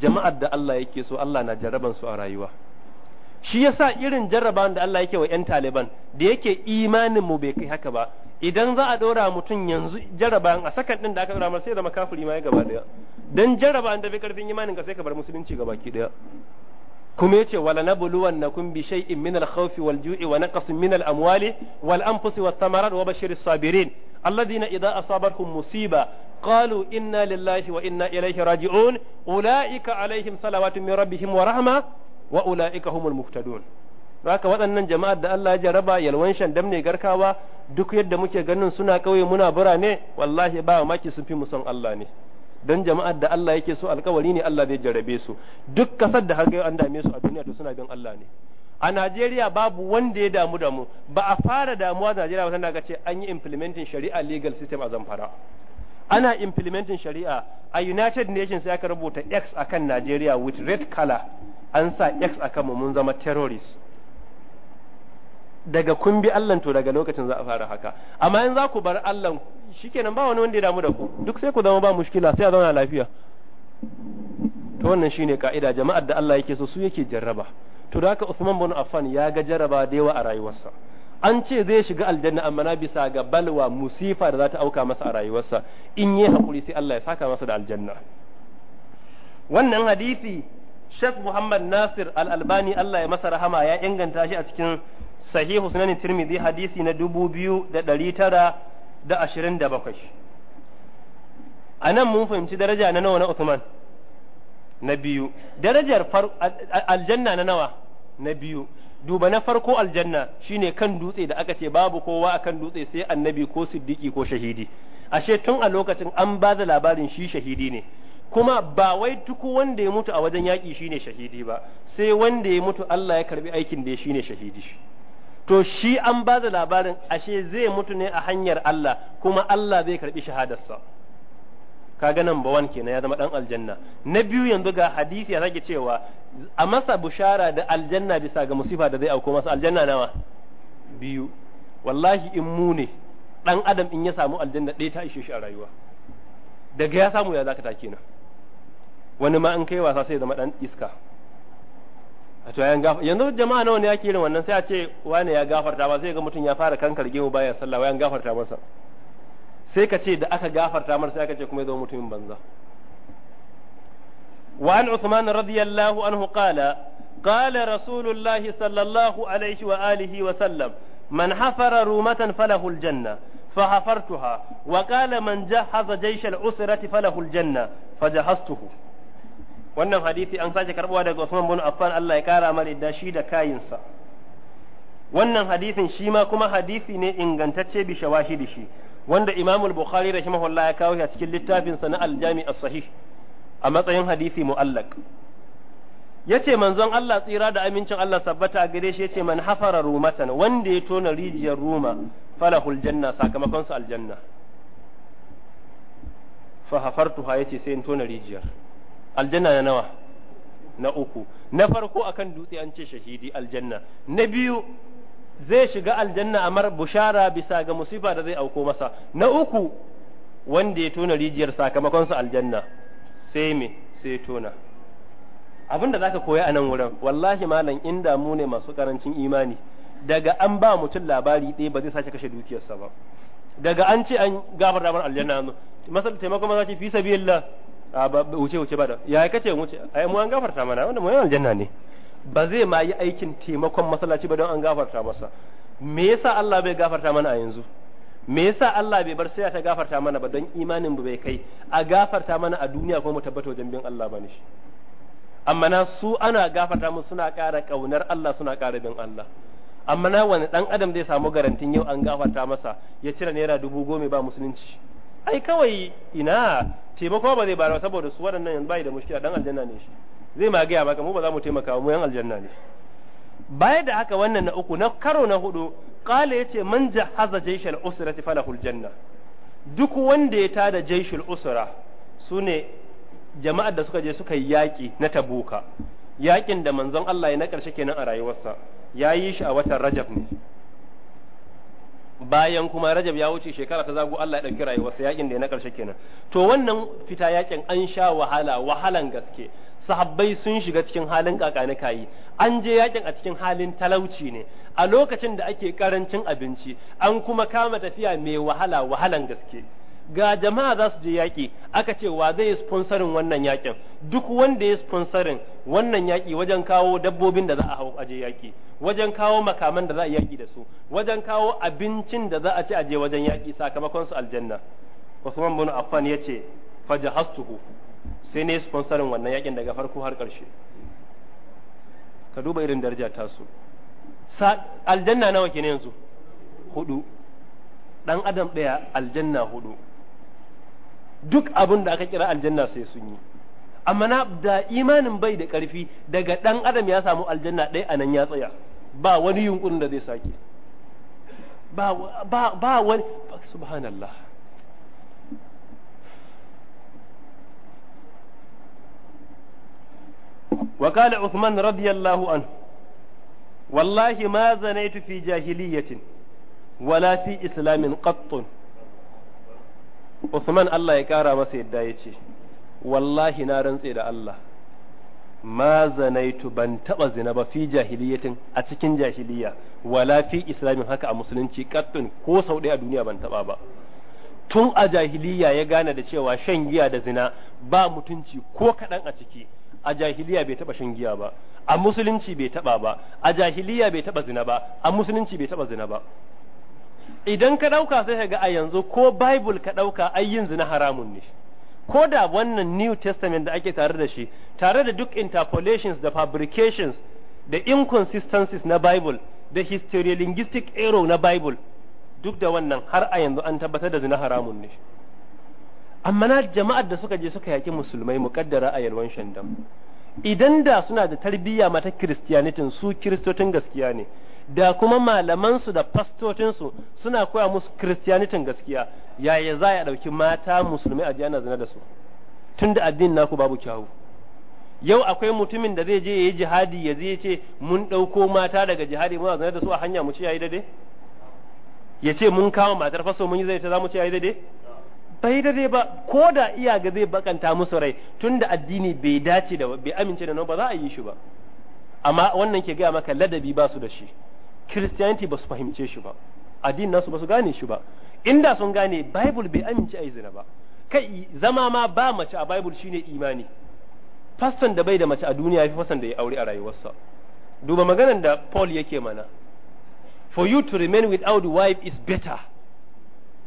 jama'ar da Allah yake so Allah na jarraban su a rayuwa shi yasa irin jarrabawan da Allah yake wa 'yan taliban da yake imanin mu bai kai haka ba idan za a ɗora mutum yanzu jarrabawan a sakan ɗin da aka ɗora masa sai zama kafiri ma ya gaba daya dan jarrabawan da bai karfin imanin ka sai ka bar musulunci gaba ki daya kuma yace wala nabluwannakum bi shay'in min al-khawfi wal ju'i wa naqsin min al-amwali wal anfusi wat thamarat wa bashiris sabirin alladhina idza asabatkum musiba qalu inna lillahi wa inna ilayhi raji'un ulaika alaihim salawatu min rabbihim wa rahma. wa ula'ika humul muktadun haka waɗannan jama'ar da Allah ya jaraba yalwan shan damne garkawa duk yadda muke ganin suna kauye muna birane wallahi ba maki sun fi mu son Allah ne don jama'ar da Allah yake so alkawari ne Allah zai jarabe su duk kasar da harga an dame su a duniya to suna bin Allah ne a Najeriya babu wanda ya damu da mu ba a fara damuwa da Najeriya wata ga ce an yi implementing shari'a legal system a zamfara ana implementing shari'a a United Nations ya ka rubuta X akan Najeriya with red color an sa x a kanmu mun zama terrorist daga kun bi Allah to daga lokacin za a fara haka amma in za ku bar Allah shikenan ba wani wanda ya damu da ku duk sai ku zama ba mushkila sai a zauna lafiya to wannan shine ka'ida jama'ar da Allah yake so su yake jarraba to da haka Uthman bin Affan ya ga jarraba da yawa a rayuwarsa an ce zai shiga aljanna amma na bisa ga balwa musifa da za ta auka masa a rayuwarsa in yi hakuri sai Allah ya saka masa da aljanna wannan hadisi Sheikh Muhammad Nasir Al-Albani Allah ya masa rahama ya inganta shi a cikin Sahihu Sunan Tirmidhi hadisi na 2927 a nan mun fahimci daraja na nawa na Uthman na biyu darajar aljanna na nawa na biyu duba na farko aljanna shine kan dutse da aka ce babu kowa a kan dutse sai annabi ko siddiki ko shahidi ashe tun a lokacin an ba da labarin shi shahidi ne kuma ba wai tuku wanda ya mutu a wajen yaƙi shine shahidi ba sai wanda ya mutu Allah ya karbi aikin da shine shahidi to shi an ba da labarin ashe zai mutu ne a hanyar Allah kuma Allah zai karbi shahadarsa kaga nan ba wan kenan ya zama dan aljanna na biyu yanzu ga hadisi ya sake cewa a masa bushara da aljanna bisa ga musifa da zai auko masa aljanna nawa biyu wallahi in mu ne dan adam in ya samu aljanna ɗaya ta ishe shi a rayuwa daga ya samu ya zaka ta kenan wani ma in kai wasa sai zama dan iska a to yan yanzu jama'a nawa ne yake irin wannan sai a ce wani ya gafarta ba sai ga mutum ya fara kankar gemu baya sallah wayan gafarta masa sai ka ce da aka gafarta masa sai aka ce kuma ya zama mutumin banza وعن عثمان رضي الله عنه قال قال رسول الله صلى الله عليه وآله وسلم من حفر رومة فله الجنة فحفرتها وقال من جهز جيش العسرة فله الجنة فجهزته wannan hadisi an sake karbuwa daga Usman bin Affan Allah ya kara mar da shi da kayinsa wannan hadisin shi ma kuma hadisi ne ingantacce bi shawahidi shi wanda Imam al-Bukhari rahimahullah ya kawo a cikin littafin sa na al-Jami' as-Sahih a matsayin hadisi mu'allaq yace manzon Allah tsira da amincin Allah sabbata a gare shi yace man hafara rumatan wanda ya tona rijiyar ruma falahul janna sakamakon sa aljanna fa hafartuha yace sai in tona rijiyar aljanna na nawa na uku na farko akan dutse an ce shahidi aljanna na biyu zai shiga aljanna a amar bushara bisa ga musiba da zai auko masa na uku wanda ya tona rijiyar sakamakon su aljanna sai me sai tona abin da zaka koya a nan wurin wallahi malam inda mu ne masu karancin imani daga an ba mutum labari ɗaya ba zai sake kashe dukiyarsa ba daga an ce an gafarta mar aljanna masal taimako maza ce fi sabilillah wuce wuce ba da ya kace wuce ai mu an gafarta mana wanda mu aljanna ne ba zai ma yi aikin taimakon masallaci ba don an gafarta masa me yasa Allah bai gafarta mana a yanzu me yasa Allah bai bar sai ta gafarta mana ba don imanin mu bai kai a gafarta mana a duniya ko mu tabbata wajen bin Allah bane shi amma na su ana gafarta mu suna ƙara ƙaunar Allah suna ƙara bin Allah amma na wani dan adam zai samu garantin yau an gafarta masa ya cire naira dubu goma ba musulunci ai kawai ina taimako ba zai bara saboda su waɗannan yanzu bai da mushkila dan aljanna ne shi zai ma gaya maka mu ba za mu taimaka mu yan aljanna ne baya da haka wannan na uku na karo na hudu qala yace man jahaza jaishal usrati falahul janna duk wanda ya tada jaishul usra sune jama'ar da suka je suka yi yaƙi na tabuka yaƙin da manzon Allah ya na ƙarshe kenan a rayuwarsa ya yi shi a watan rajab ne bayan kuma rajab ya wuce shekara ta zago Allah ya ɗauki rayuwarsa yakin da ya na ƙarshe kenan to wannan fita yakin an sha wahala wahalan gaske sahabbai sun shiga cikin halin kakani kayi an je yakin a cikin halin talauci ne a lokacin da ake karancin abinci an kuma kama tafiya mai wahala wahalan gaske ga jama'a za su je yaƙi aka ce wa zai yi sponsorin wannan yaƙin duk wanda ya sponsorin wannan yaƙi wajen kawo dabbobin da za a hau aje yaƙi wajen kawo makaman da za a yaƙi da su wajen kawo abincin da za a ci aje wajen yaƙi sakamakon su aljanna Usman bin Affan ya ce fajahastuhu sai ne sponsorin wannan yaƙin daga farko har ƙarshe ka duba irin daraja ta su, aljanna nawa kenan yanzu hudu dan adam ɗaya aljanna hudu duk abin da aka kira aljanna sai sun yi amma na da imanin bai da ƙarfi daga ɗan adam ya samu aljanna ɗaya a nan ya tsaya ba wani yunkurin da zai sake ba ba ba wani subhanallah wa kana uthman radiyallahu anhu wallahi ma zanaitu fi جاهلية ولا في إسلام قط Uthman Allah ya kara masa yadda ya ce, Wallahi na rantse da Allah, ma zanaitu ban taɓa zina ba fi jahiliyatin a cikin jahiliya, wala fi islamin haka a musulunci ƙattun ko sau ɗaya a duniya ban taɓa ba. Tun a jahiliya ya gane da cewa shan giya da zina ba mutunci ko kaɗan a ciki, a jahiliya bai taɓa shan giya ba, a musulunci bai taɓa ba, a jahiliya bai taɓa zina ba, a musulunci bai taɓa zina ba. idan ka ɗauka sai ka ga a yanzu ko bible ka ɗauka ai yin zina haramun ne ko da wannan new testament da ake tare da shi tare da duk interpolations da fabrications da inconsistencies na bible da historiolinguistic error na bible duk da wannan har a yanzu an tabbatar da zina haramun ne amma na jama'ar da suka je suka yaki musulmai muƙaddara a yalwan shandam idan da suna da tarbiyya mata kiristiyanitin su kiristotin gaskiya ne da kuma malamansu da fastocinsu suna koya musu kristiyanitin gaskiya yaya za a ɗauki mata musulmi a ana zina da su tun da addinin naku babu kyawu yau akwai mutumin da zai je ya yi jihadi ya zai ce mun ɗauko mata daga jihadi muna zina da su a hanya mu ce yayi daidai ya ce mun kama matar faso mun yi zai ta za mu ce yayi daidai bai daidai ba ko da iyaga zai bakanta musu rai tun da addini bai dace da bai amince da nan ba za a yi shi ba amma wannan ke gaya maka ladabi ba su da shi christianity ba su fahimce shi ba addini nasu ba su gane shi ba inda sun gane bible bai amince a zina ba kai zama ma ba mace a bible ne imani faston da bai da mace a duniya ya fi faston da ya aure a rayuwarsa duba maganar da paul yake mana for you to remain without wife is better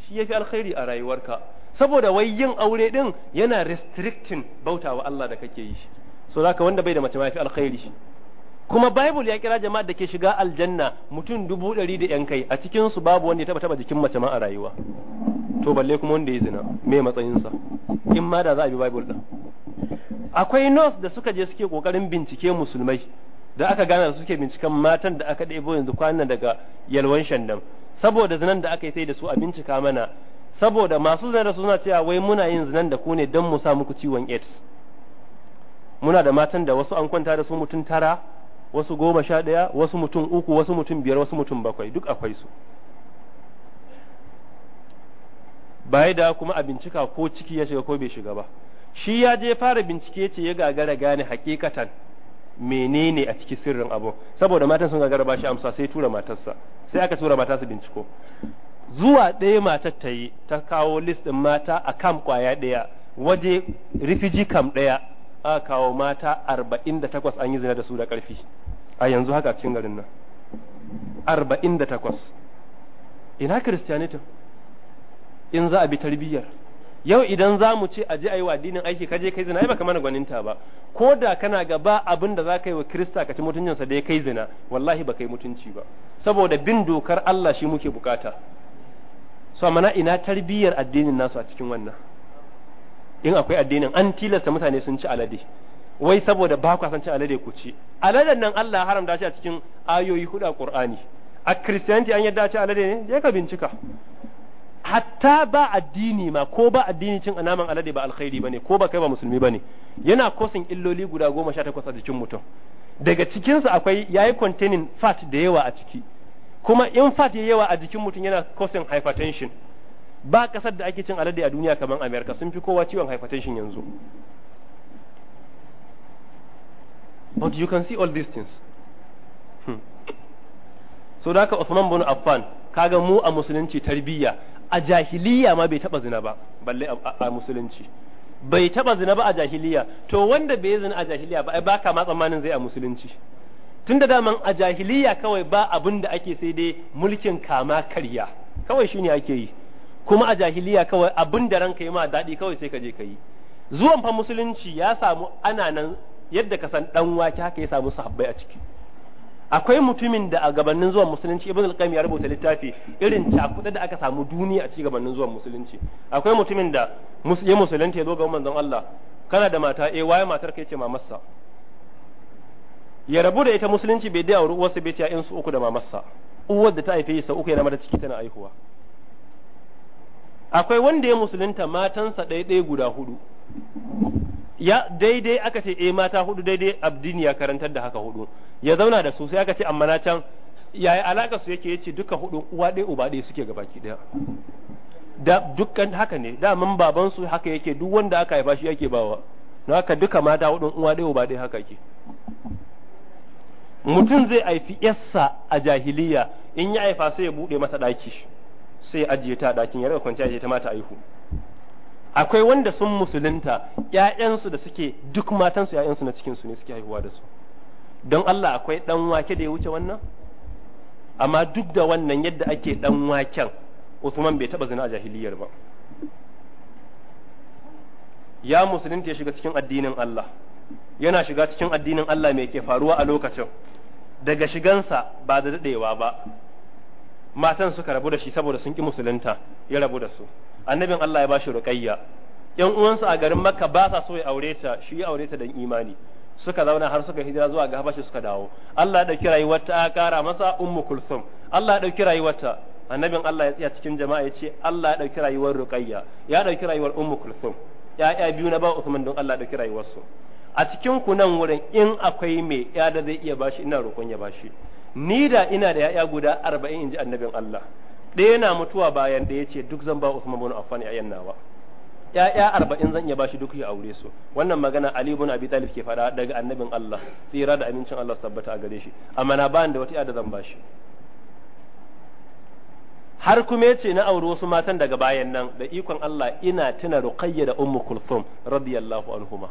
shi yafi alkhairi a rayuwarka saboda wai yin aure din yana restricting bautawa Allah da kake yi shi so zaka wanda bai da mace ma yafi alkhairi shi kuma bible ya kira jama'a da ke shiga aljanna mutum dubu ɗari da yan kai a cikin su babu wanda ya taba taba jikin mace ma a rayuwa to balle kuma wanda ya zina me matsayinsa in ma da za a bi bible din akwai nos da suka je suke kokarin bincike musulmai da aka gane da suke binciken matan da aka ɗebo yanzu kwanan daga yalwan shandam saboda zinan da aka yi sai da su a bincika mana saboda masu zinar da suna cewa wai muna yin zinan da ku ne don mu sa muku ciwon aids muna da matan da wasu an kwanta da su mutum tara wasu goma sha ɗaya wasu mutum uku wasu mutum biyar wasu mutum bakwai duk akwai su baya da kuma a bincika ko ciki ya shiga ko bai shiga ba shi ya je fara bincike ce ya gagara gane hakikatan menene a ciki sirrin abu saboda matan sun gagara ba shi amsa sai tura matarsa sai aka tura matarsa binciko zuwa ɗaya matar ta yi ta kawo list ɗin mata a kam kwaya ɗaya waje refugee kam ɗaya a kawo mata arba'in da takwas an yi zina da su da ƙarfi a yanzu haka cikin garin nan Arba'in da takwas. ina kiristiyanitin in za a bi tarbiyyar yau idan za mu ce a ji a yi wa addinin aiki ka je kai zina ai baka mana gwaninta ba ko da kana gaba abin da za ka yi wa kirista ka ci mutuncinsa da ya kai zina wallahi ba kai mutunci ba saboda bin dokar Allah shi muke bukata so mana ina tarbiyyar addinin nasu a cikin wannan in akwai addinin an tilasta mutane sun ci alade wai saboda ba ku san ci alade ku ci aladen nan Allah haramta shi a cikin ayoyi hudu a Qur'ani a Christianity an yadda ci alade ne je ka bincika hatta ba addini ma ko ba addini cin naman alade ba alkhairi bane ko ba kai ba musulmi bane yana kosin illoli guda goma sha takwas a jikin mutum daga cikinsa akwai yayi containing fat da yawa a ciki kuma in fat yayi yawa a jikin mutum yana kosin hypertension ba kasar da ake cin alade a duniya kamar amerika sun fi kowa ciwon hypertension yanzu but you can see all these things hmm. so da haka Uthman bin Affan kaga mu a musulunci tarbiyya a jahiliya ma bai taba zina ba balle a musulunci bai taba zina ba a jahiliya to wanda bai zina a jahiliya ba ai baka ma tsammanin zai a musulunci tun da daman a jahiliya kawai ba abin da ake sai dai mulkin kama karya kawai shine ake yi kuma a jahiliya kawai abin da ranka yi ma daɗi kawai sai ka je ka yi zuwan fa musulunci ya samu ana nan yadda ka san dan wake haka ya samu sahabbai a ciki akwai mutumin da a gabanin zuwan musulunci ibn al-qayyim ya rubuta littafi irin cakuɗa da aka samu duniya a ciki gabanin zuwan musulunci akwai mutumin da ya musulunta ya zo ga manzon Allah kana da mata eh waye matar ka ce mamarsa ya rabu da ita musulunci bai da auri uwarsa bai ce in su uku da mamarsa uwar da ta haife sau uku yana mata ciki tana aihuwa akwai wanda ya musulunta matansa ɗaiɗai guda hudu ya daidai aka ce eh mata hudu daidai abdini ya karantar da haka hudu ya zauna da su sai aka ce amma na can yaya alaka su yake yace duka hudu uwa ɗaya uba ɗaya suke gabaki ɗaya da dukkan haka ne da mun baban su haka yake duk wanda aka haifa shi yake bawa na haka duka mata hudu uwa ɗaya uba ɗaya haka yake mutum zai haifi yassa a jahiliya in ya haifa sai ya buɗe mata ɗaki sai ajiye ta a ɗakin ya rika kwanciya ya ta mata aihu akwai wanda sun musulunta ƴaƴansu da suke duk matansu ƴaƴansu na cikin su ne suke haihuwa da su don Allah akwai dan wake da ya wuce wannan amma duk da wannan yadda ake dan waken Usman bai taba zina a jahiliyar ba ya musulunta ya shiga cikin addinin Allah yana shiga cikin addinin Allah mai ke faruwa a lokacin daga shigansa ba da daɗewa ba matan suka rabu da shi saboda sun ki musulunta ya rabu da su annabin Allah ya bashi ruqayya yan uwansa a garin makka ba sa so ya aure ta shi ya aure ta dan imani suka zauna har suka hijira zuwa ga habashi suka dawo Allah ya dauki rayuwarta a kara masa ummu kulsum Allah ya dauki rayuwarta annabin Allah ya tsaya cikin jama'a ya ce Allah ya dauki rayuwar ruqayya ya dauki rayuwar ummu kulsum ya'ya biyu na ba Uthman don Allah ya dauki rayuwarsu a cikin ku nan wurin in akwai mai ya da zai iya bashi ina roƙon ya bashi ni da ina da ya'ya guda arba'in in ji annabin Allah ɗaya na mutuwa bayan ɗaya ce duk zan ba Usman bin Affan ya'yan nawa ya'ya arba'in zan iya bashi duk ya aure su wannan magana Ali bin Abi Talib ke faɗa daga annabin Allah tsira da amincin Allah tabbata a gare shi amma na ba da wata da zan shi. har kuma ce na auri wasu matan daga bayan nan da ikon Allah ina tuna Ruqayya da Ummu Kulthum radiyallahu anhuma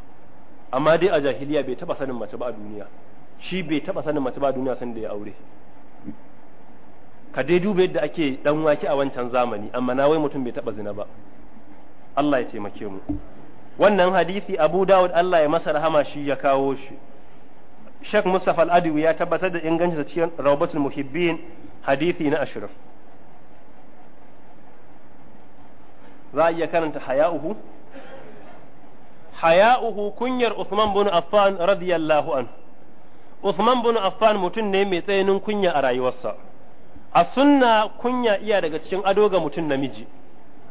amma dai a jahiliya bai taba sanin mace ba a duniya shi bai taba sanin mace ba duniya san da ya aure ka dai duba yadda ake dan wake a wancan zamani amma na wai mutum bai taba zina ba Allah ya taimake mu wannan hadisi Abu Dawud Allah ya masa rahama shi ya kawo shi Sheikh Mustapha Al-Adawi ya tabbatar da inganci da cikin Rawbatul Muhibbin hadisi na 20 za a iya karanta haya'uhu haya'uhu kunyar Uthman bin Affan radiyallahu anhu Uthman bin Affan mutum ne mai tsayinin kunya a rayuwarsa a sunna kunya iya daga cikin ado ga mutum namiji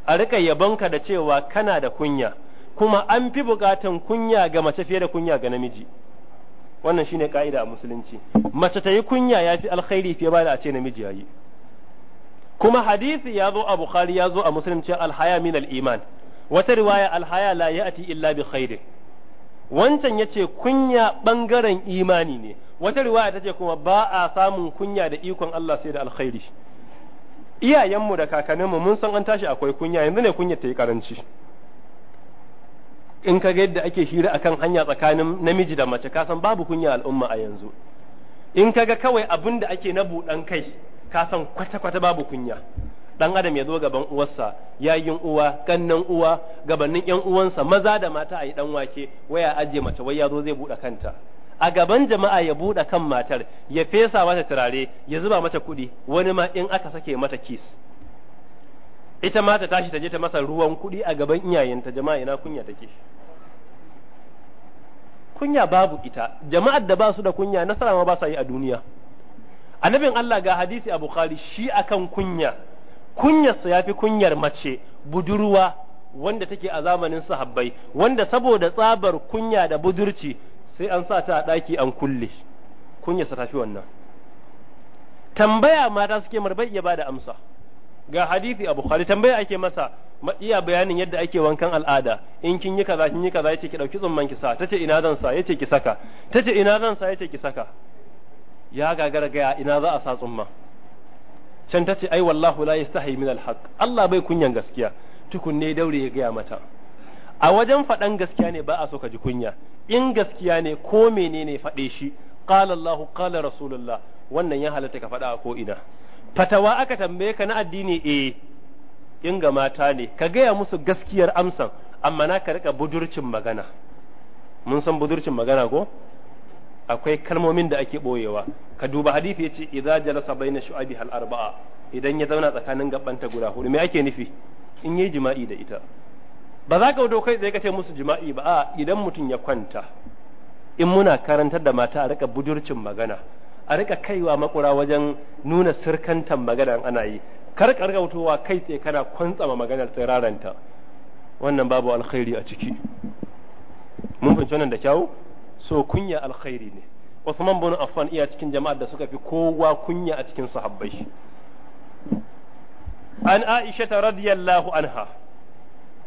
a rika yabonka da cewa kana da kunya kuma an fi bukatan kunya ga mace fiye da kunya ga namiji wannan shine ka'ida a musulunci mace ta yi kunya ya fi alkhairi fiye ba da a ce namiji ya kuma hadisi ya zo a bukhari ya zo a musulunci alhaya min al wata riwaya alhaya la ya'ti illa bi khairin wancan ya ce kunya ɓangaren imani ne wata riwaya ta ce kuma ba a samun kunya da ikon Allah sai da alkhairi iyayenmu da kakanninmu mun san an tashi akwai kunya yanzu ne kunya ta yi karanci in ka ga yadda ake hira akan hanya tsakanin namiji da mace kasan babu kunya al'umma a yanzu in ka ga kawai abin da ake na buɗan kai kasan kwata-kwata babu kunya dan adam ya zo gaban uwarsa yayin uwa kannan uwa gabanin yan uwansa maza da mata ayi dan wake waya aje mace wai ya zo zai bude kanta a gaban jama'a ya bude kan matar ya fesa mata turare ya zuba mata kuɗi wani ma in aka sake mata kis ita ma ta tashi ta je ta masa ruwan kuɗi a gaban iyayenta jama'a ina kunya take kunya babu ita jama'ar da ba su da kunya nasara ma ba sa yi a duniya annabin Allah ga hadisi a Bukhari shi akan kunya kunyarsa ya fi kunyar mace budurwa wanda take a zamanin sahabbai wanda saboda tsabar kunya da budurci sai an sa ta a daki an kulle kunyarsa ta fi wannan tambaya mata suke marbai iya bada amsa ga hadisi a bukhari tambaya ake masa iya bayanin yadda ake wankan al'ada in kin yi kaza kin yi kaza yace ki dauki tsumman ki sa tace ina zan sa yace ki saka tace ina zan sa yace ki saka ya gagara ga ina za a sa tsumma can ta ce ai wallahu la yastahi min alhaq Allah bai kunyan gaskiya tukunne daure ya gaya mata a wajen faɗan gaskiya ne ba a so ka ji kunya in gaskiya ne ko menene faɗe shi qala Allah qala rasulullah wannan ya halatta ka faɗa a ko ina fatawa aka tambaye ka na addini eh in ga mata ne ka gaya musu gaskiyar amsan amma na ka rika budurcin magana mun san budurcin magana ko akwai kalmomin da ake ɓoyewa ka duba hadisi yace idza jalasa baina shu'abi hal arba'a idan ya zauna tsakanin gabanta guda hudu me ake nufi in yi jima'i da ita ba za ka wato kai tsaye ka ce musu jima'i ba a idan mutum ya kwanta in muna karantar da mata a rika budurcin magana a rika kaiwa makura wajen nuna sirkantan magana ana yi kar ka rika wutowa kai tsaye kana kwantsama maganar tsiraranta wannan babu alkhairi a ciki mun fahimci wannan da kyau so kunya alkhairi ne Usman bin Affan iya cikin jama'ar da suka fi kowa kunya a cikin sahabbai an Aisha ta radiyallahu anha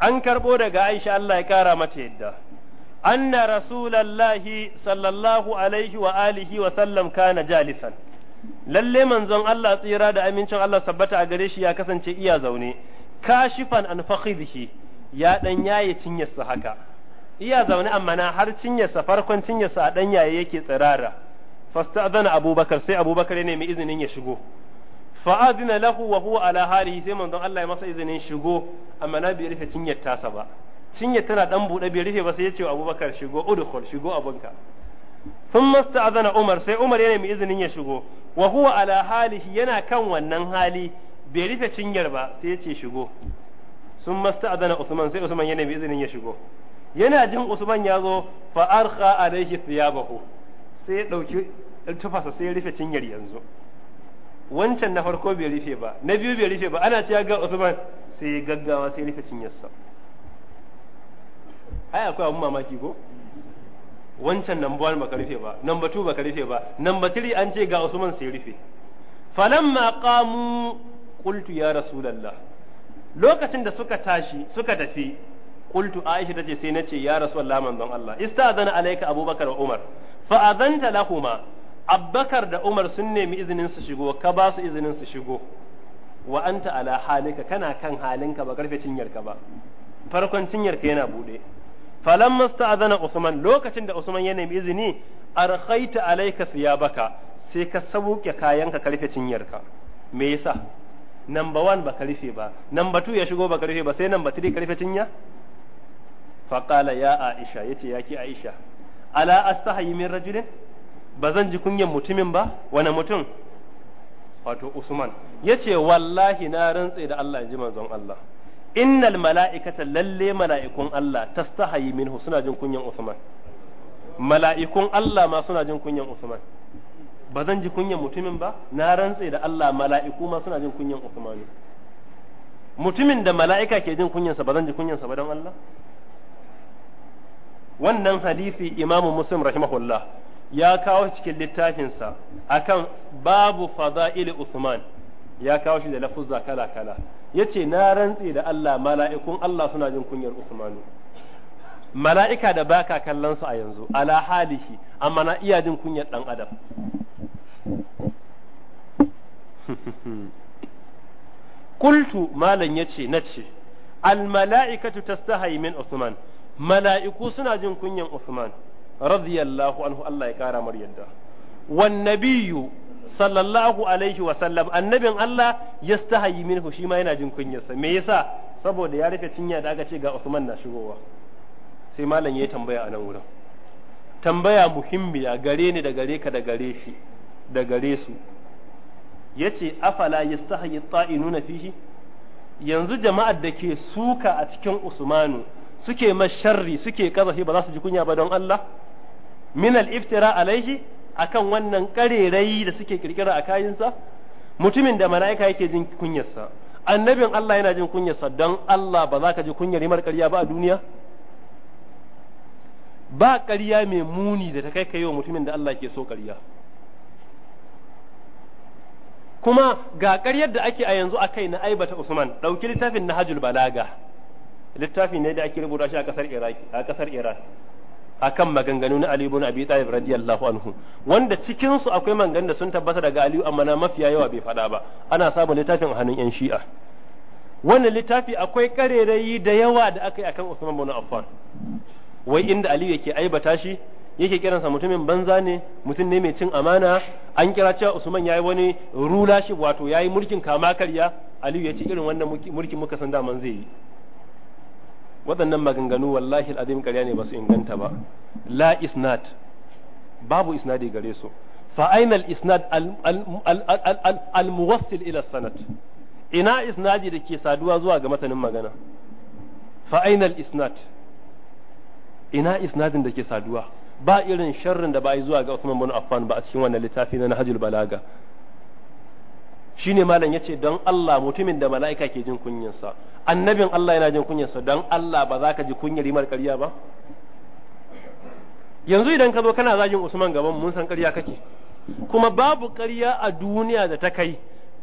an karbo daga Aisha Allah ya kara mata yadda anna rasulallahi sallallahu alaihi wa alihi wa sallam kana jalisan lalle manzon Allah tsira da amincin Allah sabbata a gare shi ya kasance iya zaune kashifan an fakhidhi ya dan yaye cinyarsa haka iya zaune amma na har cinyarsa farkon cinyarsa a yaye yake tsirara fasta'zana abubakar sai abubakar ya nemi izinin ya shigo fa'adina lahu wa huwa ala halihi sai manzon Allah ya masa izinin shigo amma na bai rufe cinyar tasa ba cinyar tana dan buɗe bai rufe ba sai ya ce abubakar shigo udkhul shigo abunka thumma sta'zana umar sai umar ya nemi izinin ya shigo wa huwa ala halihi yana kan wannan hali bai rufe cinyar ba sai ya ce shigo sun masta adana Usman sai Usman ya nemi izinin ya shigo yana jin usman ya zo fa arkha alaihi thiyabahu sai ya dauki tufasa sai ya rufe cinyar yanzu wancan na farko bai rufe ba na biyu bai rufe ba ana cewa ga usman sai ya gaggawa sai ya rufe cinyarsa ai akwai abun mamaki ko wancan number ba baka rufe ba number ba baka rufe ba number three an ce ga usman sai rufe falamma qamu qultu ya rasulullah lokacin da suka tashi suka tafi kultu aisha tace sai nace ya rasulullah manzon Allah istazana alayka abubakar wa umar fa adanta lahuma Abubakar da umar sun nemi izinin su shigo ka ba su izinin su shigo wa anta ala halika kana kan halinka ba karfe cinyarka ba farkon cinyarka yana bude falamma istazana usman lokacin da usman ya nemi izini arkhaita alayka thiyabaka sai ka sauke kayanka karfe cinyarka me yasa number one ba karfe ba number two ya shigo ba karfe ba sai number three karfe cinya Faƙala ya aisha ce ya ki aisha ala astahayi min rajulin ba zan ji kunyan mutumin ba wani mutum wato usman ya ce wallahi na rantse da Allah ji manzon Allah innal mala'ikata lalle mala'ikun Allah tastahayi minhu suna jin kunyan usman mala'ikun Allah ma suna jin kunyan usman ba zan ji kunyan mutumin ba na rantse da Allah mala'iku ma suna jin kunyan usman mutumin da mala'ika ke jin kunyansa ba zan ji kunyansa ba don Allah wannan hadisi imamu muslim rahimahullah ya kawo cikin littafinsa akan babu fada'il usman ya kawo shi da lafuzza kala kala yace na rantse da Allah mala'ikun Allah suna jin kunyar usmanu mala'ika da baka kallon su a yanzu ala halihi amma na iya jin kunyar dan adam qultu malan yace nace al mala'ikatu tastahi min usman mala'iku suna jin kunyan Uthman radiyallahu anhu Allah ya kara mar wan nabiyyu sallallahu alaihi wa sallam annabin Allah yastahayi minhu shi ma yana jin kunyarsa me yasa saboda ya rufe cinya da aka ce ga Uthman na shigowa sai malam ya tambaya a nan wurin tambaya muhimmiya gare ni da gare ka da gare shi da gare su yace afala yastahayi ta'inuna fihi yanzu jama'ar da ke suka a cikin Usmanu suke masharri suke kazafi ba za su ji kunya ba don Allah minal iftira alaihi akan wannan karerai da suke kirkira a kayinsa mutumin da mala'ika yake jin kunyarsa annabin Allah yana jin kunyarsa don Allah ba za ka ji kunyar rimar ƙarya ba a duniya ba ƙarya mai muni da ta kai kai wa mutumin da Allah ke so ƙarya kuma ga ƙaryar da ake a yanzu a kai na aibata Usman ɗauki littafin na hajul balaga littafi ne da ake rubuta shi a kasar iraki a kasar iran akan maganganu na Ali ibn Abi Talib radiyallahu anhu wanda cikin su akwai maganganun da sun tabbata daga Aliyu amma na mafiya yawa bai faɗa ba ana samun littafin hannun yan Shi'a wannan littafi akwai karerayi da yawa da aka yi akan Usman bin Affan wai inda Aliyu yake aibata shi yake kiransa mutumin banza ne mutum ne mai cin amana an kira cewa Usman yayi wani rulashi wato wato yayi mulkin kama karya Aliyu ya ce irin wannan mulkin muka san man zai yi waɗannan maganganu wallahi al'adun ƙarya ne ba su inganta ba la isnad babu isnadi gare su fa isnad al muwassil ila sanad ina isnadi da ke saduwa zuwa ga matanin magana fa isnad ina isnadin da ke saduwa ba irin sharrin da ba yi zuwa ga Usman bin Affan ba a cikin wannan littafi na Nahjul Balaga Shi ne malam ya ce don Allah mutumin da mala'ika ke jin kunyarsa annabin Allah yana jin kunyarsa don Allah ba za ka ji kunyar rimar ƙarya ba yanzu idan ka zo kana zagin Usman gaban mun san ƙarya kake kuma babu ƙarya a duniya da ta kai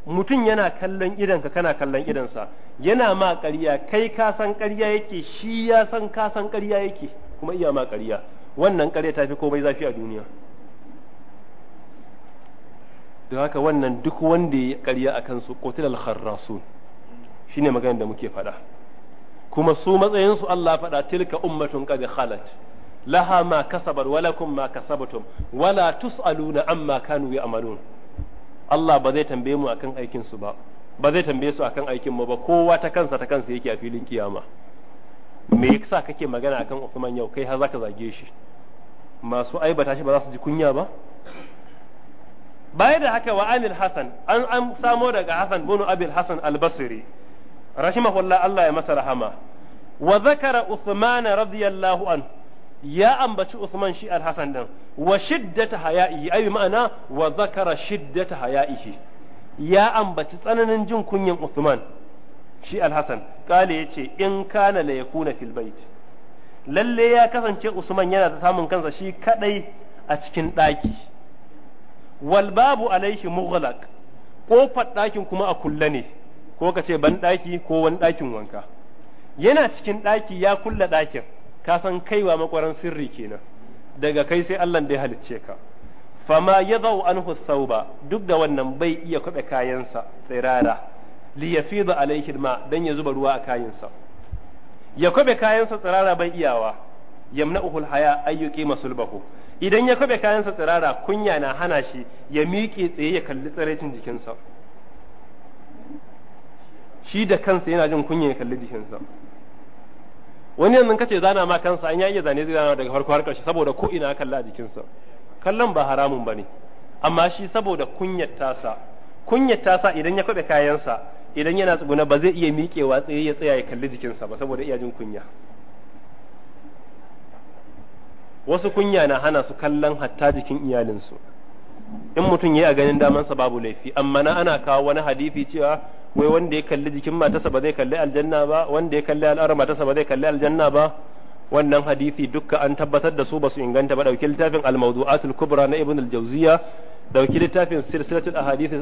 mutum yana kallon idanka kana kallon idansa yana ma ƙarya kai ka san ƙarya yake shi ya san ka san ƙarya yake kuma iya ma ƙarya wannan ƙarya ta fi komai zafi a duniya da haka wannan duk wanda ya karya a kansu qutil al shine maganar da muke faɗa kuma su matsayin su Allah faɗa tilka ummatun qad khalat laha ma kasabat wa lakum ma kasabatum wala tusaluna amma kanu ya'malun Allah ba zai tambaye mu akan aikin su ba ba zai tambaye su akan aikin mu ba kowa ta kansa ta kansa yake a filin kiyama me yasa kake magana akan Uthman yau kai har zaka zage shi masu aibata shi ba za su ji kunya ba baya da haka wa hasan an an samo daga hasan bunu abil hasan al-basri rahimahullah Allah ya masa rahama wa zakara Uthman radiyallahu an ya ambaci Uthman shi al-Hasan din wa shiddata haya'ihi ayi ma'ana wa zakara shiddata haya'ihi ya ambaci tsananin jin kunyan Uthman shi al-Hasan kale yace in kana la yakuna fil bait lalle ya kasance Usman yana da samun kansa shi kadai a cikin daki wal babu alaihi mughlaq kofar ɗakin kuma a kulle ne ko ka ce ban ɗaki ko wani ɗakin wanka yana cikin ɗaki ya kulle ɗakin ka san kaiwa makwaran sirri kenan daga kai sai Allah bai ya halicce ka fama yadau anhu thawba duk da wannan bai iya kwaɓe kayansa tsirara li yafida Alayhi ma dan ya zuba ruwa a kayansa ya kwaɓe kayansa tsirara ban iyawa Yamna haya ayyuki masulbahu idan ya kwabe kayansa tsirara kunya na hana shi ya miƙe tsaye ya kalli tsiraicin jikinsa shi da kansa yana jin kunya ya kalli jikinsa wani yanzu kace zana ma kansa an ya iya zane zana daga farko har ƙarshe saboda ko ina kalla a jikinsa kallon ba haramun bane amma shi saboda kunyar tasa kunyar tasa idan ya kwabe kayansa idan yana tsuguna ba zai iya miƙewa tsaye ya tsaya ya kalli jikinsa ba saboda iya jin kunya wasu kunya na hana su kallon hatta jikin iyalinsu in mutum ya yi a ganin damansa babu laifi amma na ana kawo wani hadisi cewa wai wanda ya kalli jikin matarsa ba zai kalli aljanna ba wanda ya kalli al'ar matasa ba zai kalli aljanna ba wannan hadisi dukka an tabbatar da su ba su inganta ba dauki littafin al-mawdu'atul kubra na ibn al-jawziya dauki littafin silsilatul ahadith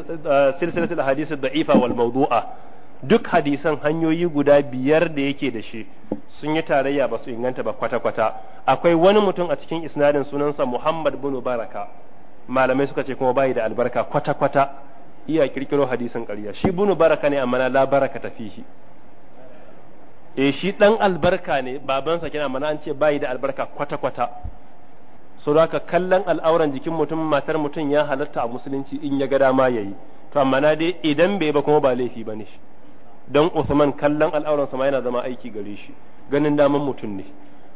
silsilatul ahadith daifa wal mawdu'a duk hadisan hanyoyi guda biyar da yake da shi sun yi tarayya ba su inganta ba kwata-kwata akwai wani mutum a cikin isnadin sunansa Muhammad bin Baraka malamai suka ce kuma bayi da albarka kwata-kwata iya kirkiro hadisan ƙarya shi bin Baraka ne amma la baraka tafihi eh shi ɗan albarka ne babansa kina mana an ce bayi da albarka kwata-kwata so haka kallon al'auran jikin mutum matar mutum ya halatta a musulunci in ya ga dama yayi to amma na dai idan bai ba kuma ba laifi ne shi don Usman kallon sa ma yana zama aiki gare shi ganin daman mutum ne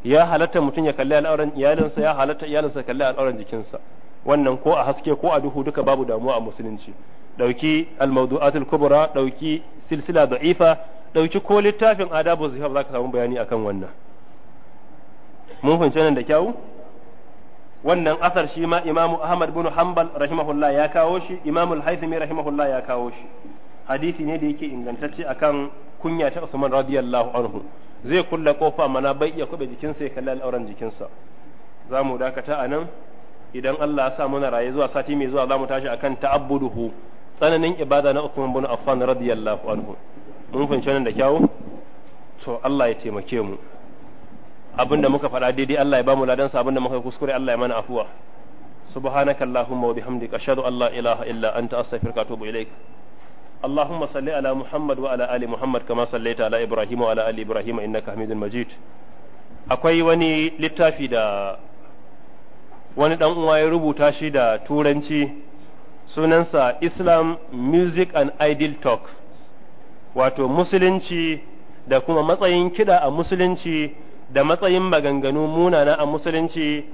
ya halatta mutum ya kalli al'auran iyalinsa ya halatta iyalinsa kalli al'auran jikinsa wannan ko a haske ko a duhu duka babu damuwa a musulunci dauki al-mawdu'atul kubra dauki silsila da'ifa dauki ko littafin adabu zihab zaka samu bayani akan wannan mun fahimci nan da kyau wannan asar shi ma imamu ahmad bin hanbal rahimahullah ya kawo shi imamu al-haythami rahimahullah ya kawo shi hadisi ne da yake ingantacce akan kunya ta Usman radiyallahu anhu zai kulla kofa mana bai iya kube jikinsa ya kalli al'auran jikinsa za mu dakata a nan idan Allah ya sa muna raye zuwa sati mai zuwa za mu tashi akan ta'abbuduhu tsananin ibada na Usman bin Affan radiyallahu anhu mun fahimci nan da kyau to Allah ya taimake mu abinda muka faɗa daidai Allah ya ba bamu ladan sa abinda muka kuskure Allah ya mana afuwa subhanakallahumma wa bihamdika ashhadu an la ilaha illa anta astaghfiruka wa atubu ilaik اللهم صل على محمد وعلى آل محمد كما صليت على إبراهيم وعلى آل إبراهيم إنك حميد مجيد akwai wani littafi da wani dan uwa ya rubuta shi da turanci sunansa Islam Music and Ideal Talk wato musulunci da kuma matsayin kiɗa a musulunci da matsayin maganganu munana a musulunci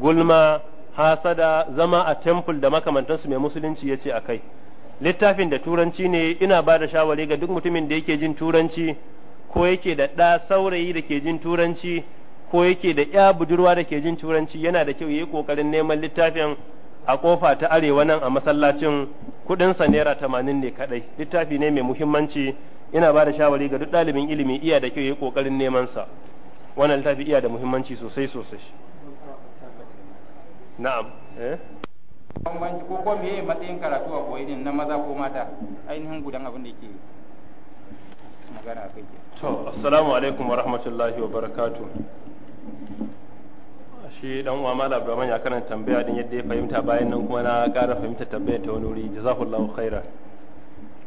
gulma hasada zama a temple da makamantansu mai musulunci ya ce a kai littafin da turanci ne ina ba da shawari ga duk mutumin da yake jin turanci ko yake da ɗa saurayi da ke jin turanci ko yake da ya budurwa da ke jin turanci yana da kyau yi kokarin neman littafin a kofa ta arewa nan a masallacin kuɗinsa naira tamanin ne kadai littafi ne mai muhimmanci ina ba da shawari ga duk ɗalibin ilimi iya da kyau yayi kokarin neman sa wannan littafi iya da muhimmanci sosai sosai na'am eh bambanci ko ko meye matsayin karatu a koyi din na maza ko mata ainihin gudan abin da yake magana kai to assalamu alaikum wa rahmatullahi wa barakatuh shi dan uwa malam Abdulrahman ya karanta tambaya din yadda ya fahimta bayan nan kuma na ƙara fahimta tambaya ta wani wuri jazakallahu khaira.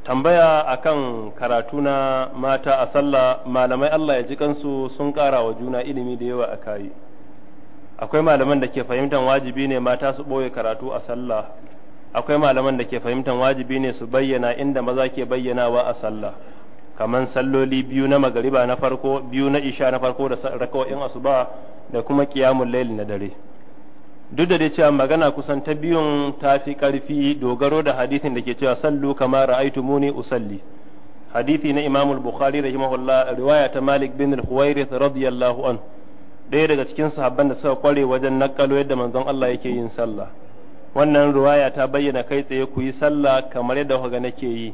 tambaya akan karatu na mata a sallah malamai Allah ya ji kansu sun ƙara wa juna ilimi da yawa a kayi akwai malaman da ke fahimtar wajibi ne mata su ɓoye karatu a sallah akwai malaman da ke fahimtar wajibi ne su bayyana inda maza ke bayyanawa a sallah kamar salloli biyu na magariba na farko biyu na isha na farko da raka'o'in asuba da kuma qiyamul laili na dare duk da dai cewa magana kusan ta biyun ta fi ƙarfi dogaro da hadisin da ke cewa sallu kama muni usalli hadisi na imamul bukhari rahimahullah riwaya ta malik bin al-huwairith radiyallahu anhu ɗaya daga cikin sahabban da suka kware wajen naƙalo yadda manzon Allah yake yin sallah wannan ruwaya ta bayyana kai tsaye ku yi sallah kamar yadda kuka nake yi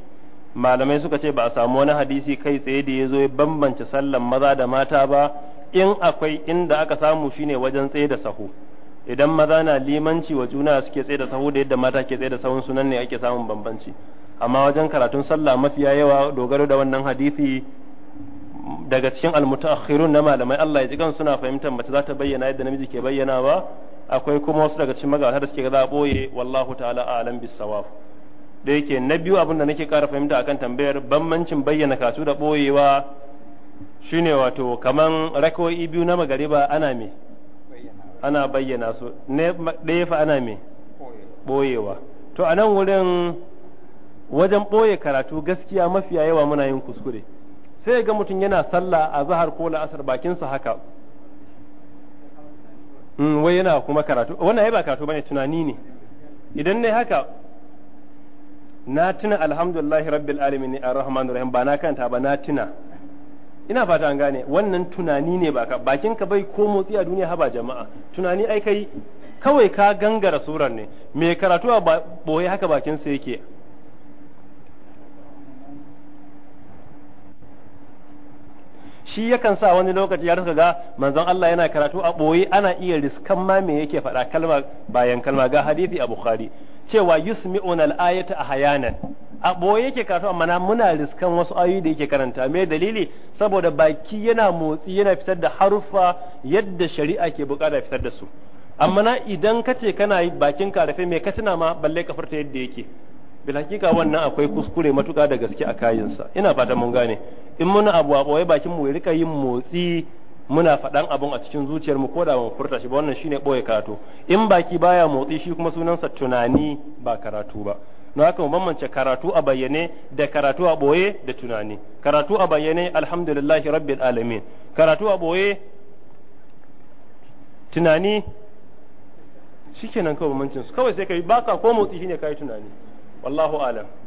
malamai suka ce ba a samu wani hadisi kai tsaye da ya zo ya bambance sallan maza da mata ba in akwai inda aka samu shine wajen tsaye da sahu idan maza na limanci wa juna suke tsaye da sahu da yadda mata ke tsaye da sahun sunan ne ake samun bambanci amma wajen karatun sallah mafiya yawa dogaro da wannan hadisi daga cikin almutakhirun na malamai Allah ya ji kan suna fahimtar mace za ta bayyana yadda namiji ke bayyana ba akwai kuma wasu daga cikin magabata da suke gaza boye wallahu ta'ala a'lam bisawab da yake na biyu abin da nake kara fahimta akan tambayar bambancin bayyana kasu da boyewa shine wato kaman rakoi biyu na magariba ana me ana bayyana su ne ɗaya ana me boyewa to a nan wurin wajen boye karatu gaskiya mafiya yawa muna yin kuskure sai ga mutum yana sallah a zahar ko la'asar bakinsa haka mm, wai yana kuma karatu wannan ai ba karatu bane tunani ne idan ne haka na tuna alhamdulillahi rabbil alamin arrahman arrahim ba na kanta ba na tuna ina fata an gane wannan tunani ne ba bakin ka bai ko motsi a duniya haba jama'a tunani ai kai kawai ka gangara surar ne me karatu a boye haka bakin sa yake shi yakan sa wani lokaci ya rasa ga manzon Allah yana karatu a boye ana iya riskan ma me yake faɗa kalma bayan kalma ga hadisi a Bukhari cewa yusmi'una al-ayata ahyanan a boye yake karatu amma na muna riskan wasu ayoyi da yake karanta me dalili saboda baki yana motsi yana fitar da haruffa yadda shari'a ke bukata fitar da su amma na idan kace kana yi bakin karafe me ka tuna ma balle ka furta yadda yake bilakika wannan akwai kuskure matuka da gaske a kayinsa ina fata mun gane in muna abu a ɓoye bakin mu rika yin motsi muna faɗan abun a cikin zuciyar mu ko da mu furta shi ba wannan shine ɓoye karatu in baki baya motsi shi kuma sunansa tunani ba karatu ba na haka mu bambance karatu a bayyane da karatu a ɓoye da tunani karatu a bayyane alhamdulillahi rabbil alamin karatu a ɓoye tunani shikenan kawai bambancin su kawai sai kai baka ko motsi shine kai tunani wallahu alam